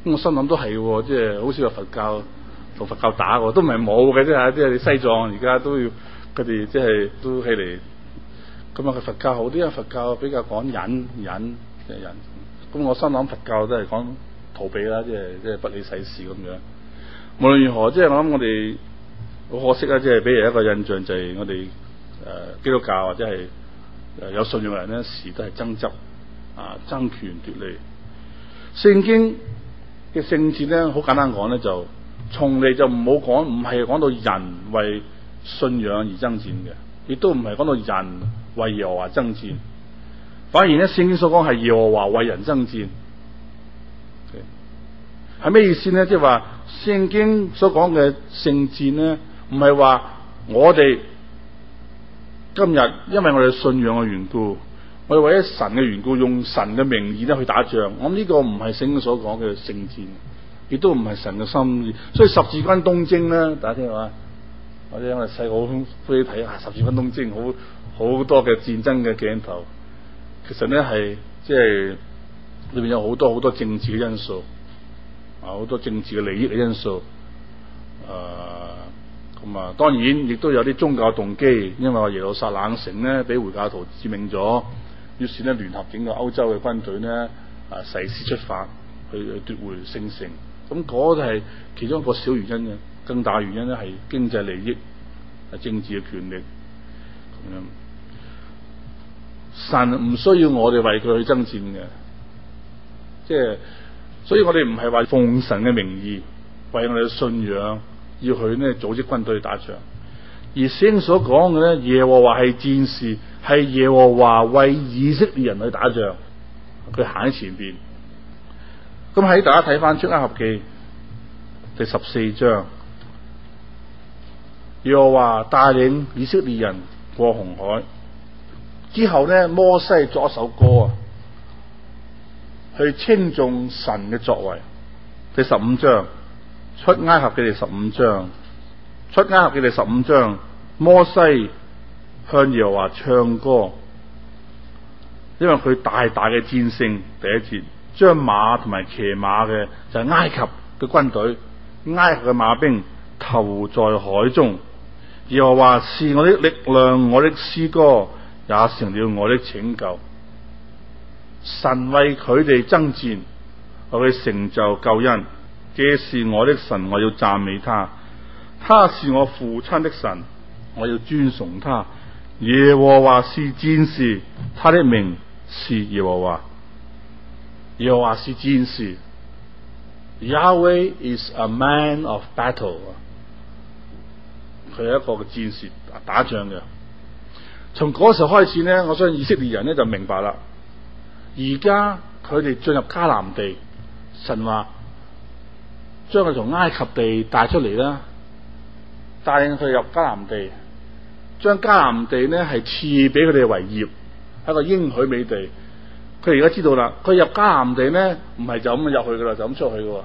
S1: 咁我心諗都係嘅，即係好少有佛教同佛教打過，都唔係冇嘅啫吓。即係你西藏而家都要佢哋，即係都起嚟。咁啊，佢佛教好啲因為，佛教比較講忍忍，即係忍。咁我心諗佛教都係講逃避啦，即係即係不理世事咁樣。無論如何，即係我諗我哋好可惜啊！即係俾人一個印象就係我哋。誒、呃，基督教或者係誒、呃、有信仰嘅人咧，時都係爭執，啊，爭權奪利。聖經嘅聖戰咧，好簡單講咧，就從嚟，就唔好講，唔係講到人為信仰而爭戰嘅，亦都唔係講到人為耶和華爭戰，反而咧聖經所講係耶和華為人爭戰，係咩意思咧？即係話聖經所講嘅聖戰咧，唔係話我哋。今日因為我哋信仰嘅緣故，我哋為咗神嘅緣故，用神嘅名義咧去打仗，我諗，呢個唔係聖經所講嘅聖戰，亦都唔係神嘅心意。所以十字軍東征咧，大家聽下，或者我哋因為細個好歡喜睇，啊十字軍東征，好好多嘅戰爭嘅鏡頭，其實咧係即係裏邊有好多好多政治嘅因素，啊好多政治嘅利益嘅因素，誒、啊。咁啊，當然亦都有啲宗教動機，因為耶路撒冷城咧，俾回教徒致命咗，於是咧聯合整個歐洲嘅軍隊咧，啊誓師出發去奪回聖城。咁嗰就係其中一個小原因嘅，更大原因咧係經濟利益，啊政治嘅權力。咁樣，神唔需要我哋為佢去征戰嘅，即係，所以我哋唔係話奉神嘅名義，為我哋嘅信仰，要佢咧組織軍隊打仗，而先所講嘅咧，耶和華係戰士，係耶和華為以色列人去打仗，佢行喺前邊。咁喺大家睇翻，出埃及記第十四章，耶和華帶領以色列人過紅海，之後呢，摩西作一首歌啊,去稱頌神嘅作為。第十五章。出埃及嘅第十五章，出埃及嘅第十五章，摩西向耶和華唱歌，因為佢大大嘅戰勝。第一節，將馬同埋騎馬嘅就係、是、埃及嘅軍隊，埃及嘅馬兵投在海中，耶和華是我的力量，我的詩歌也成了我的拯救，神為佢哋爭戰，為佢成就救恩。這是我的神，我要讚美他。他是我父親的神，我要尊崇他。耶和華是戰士，他的名是耶和華。耶和華是戰士。Yahweh is a man of battle。佢係一個戰士，打仗嘅。從嗰時開始咧，我相信以色列人咧就明白啦。而家佢哋進入迦南地，神話。將佢從埃及地帶出嚟啦，帶領佢入迦南地，將迦南地呢係賜俾佢哋為業，係個應許美地。佢而家知道啦，佢入迦南地呢唔係就咁入去噶啦，就咁，是，出去噶，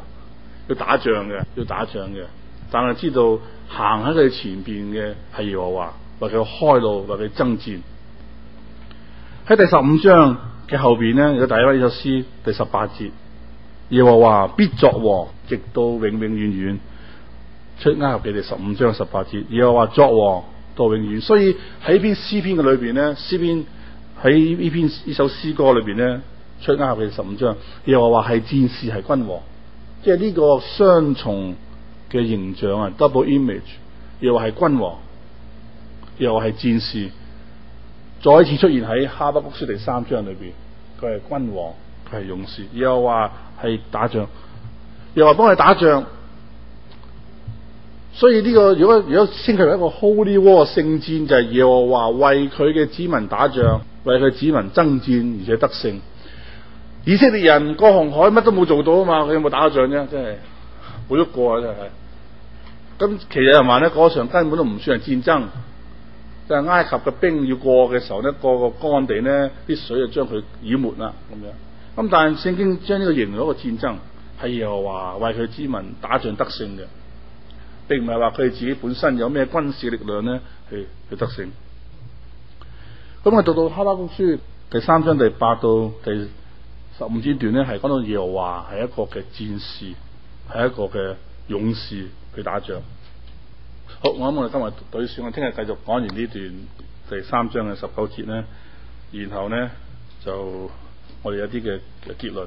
S1: 要打仗嘅，要打仗嘅。但係知道行喺佢前邊嘅係耶和華，或者開路，或者爭戰。喺第十五章嘅後邊咧，有大衛呢首詩第十八節。又話必作王，直到永永遠遠，出埃及記十五章十八節。又話作王到永遠，所以喺呢篇詩篇嘅裏邊咧，詩篇喺呢篇呢首詩歌裏邊咧，出埃及記十五章，又話話係戰士，係君王，即係呢個雙重嘅形象啊。double image，又話係君王，又話係戰士，再一次出現喺哈巴谷書第三章裏邊，佢係君王，佢係勇士，又話。係打仗，又話幫佢打仗，所以呢、呢個如果如果稱佢為一個 Holy War 聖戰，就係耶和華為佢嘅子民打仗，為佢子民爭戰而且得勝。以色列人過紅海乜都冇做到啊嘛，佢有冇打仗啫？真係冇喐過啊！真係。咁其實又話咧，嗰、那個、場根本都唔算係戰爭，就係、是、埃及嘅兵要過嘅時候咧，個、那個乾地咧，啲水就將佢淹沒啦，咁樣。咁但係聖經將呢個形容一個戰爭，係耶和華為佢之民打仗得勝嘅，並唔係話佢自己本身有咩軍事力量咧去去得勝。咁、嗯、我讀到哈巴谷書第三章第八到第十五節段咧，係講到耶和華係一個嘅戰士，係一個嘅勇士去打仗。好，我諗我哋今日對選，我聽日繼續講完呢段第三章嘅十九節咧，然後咧就。我哋一啲嘅結論。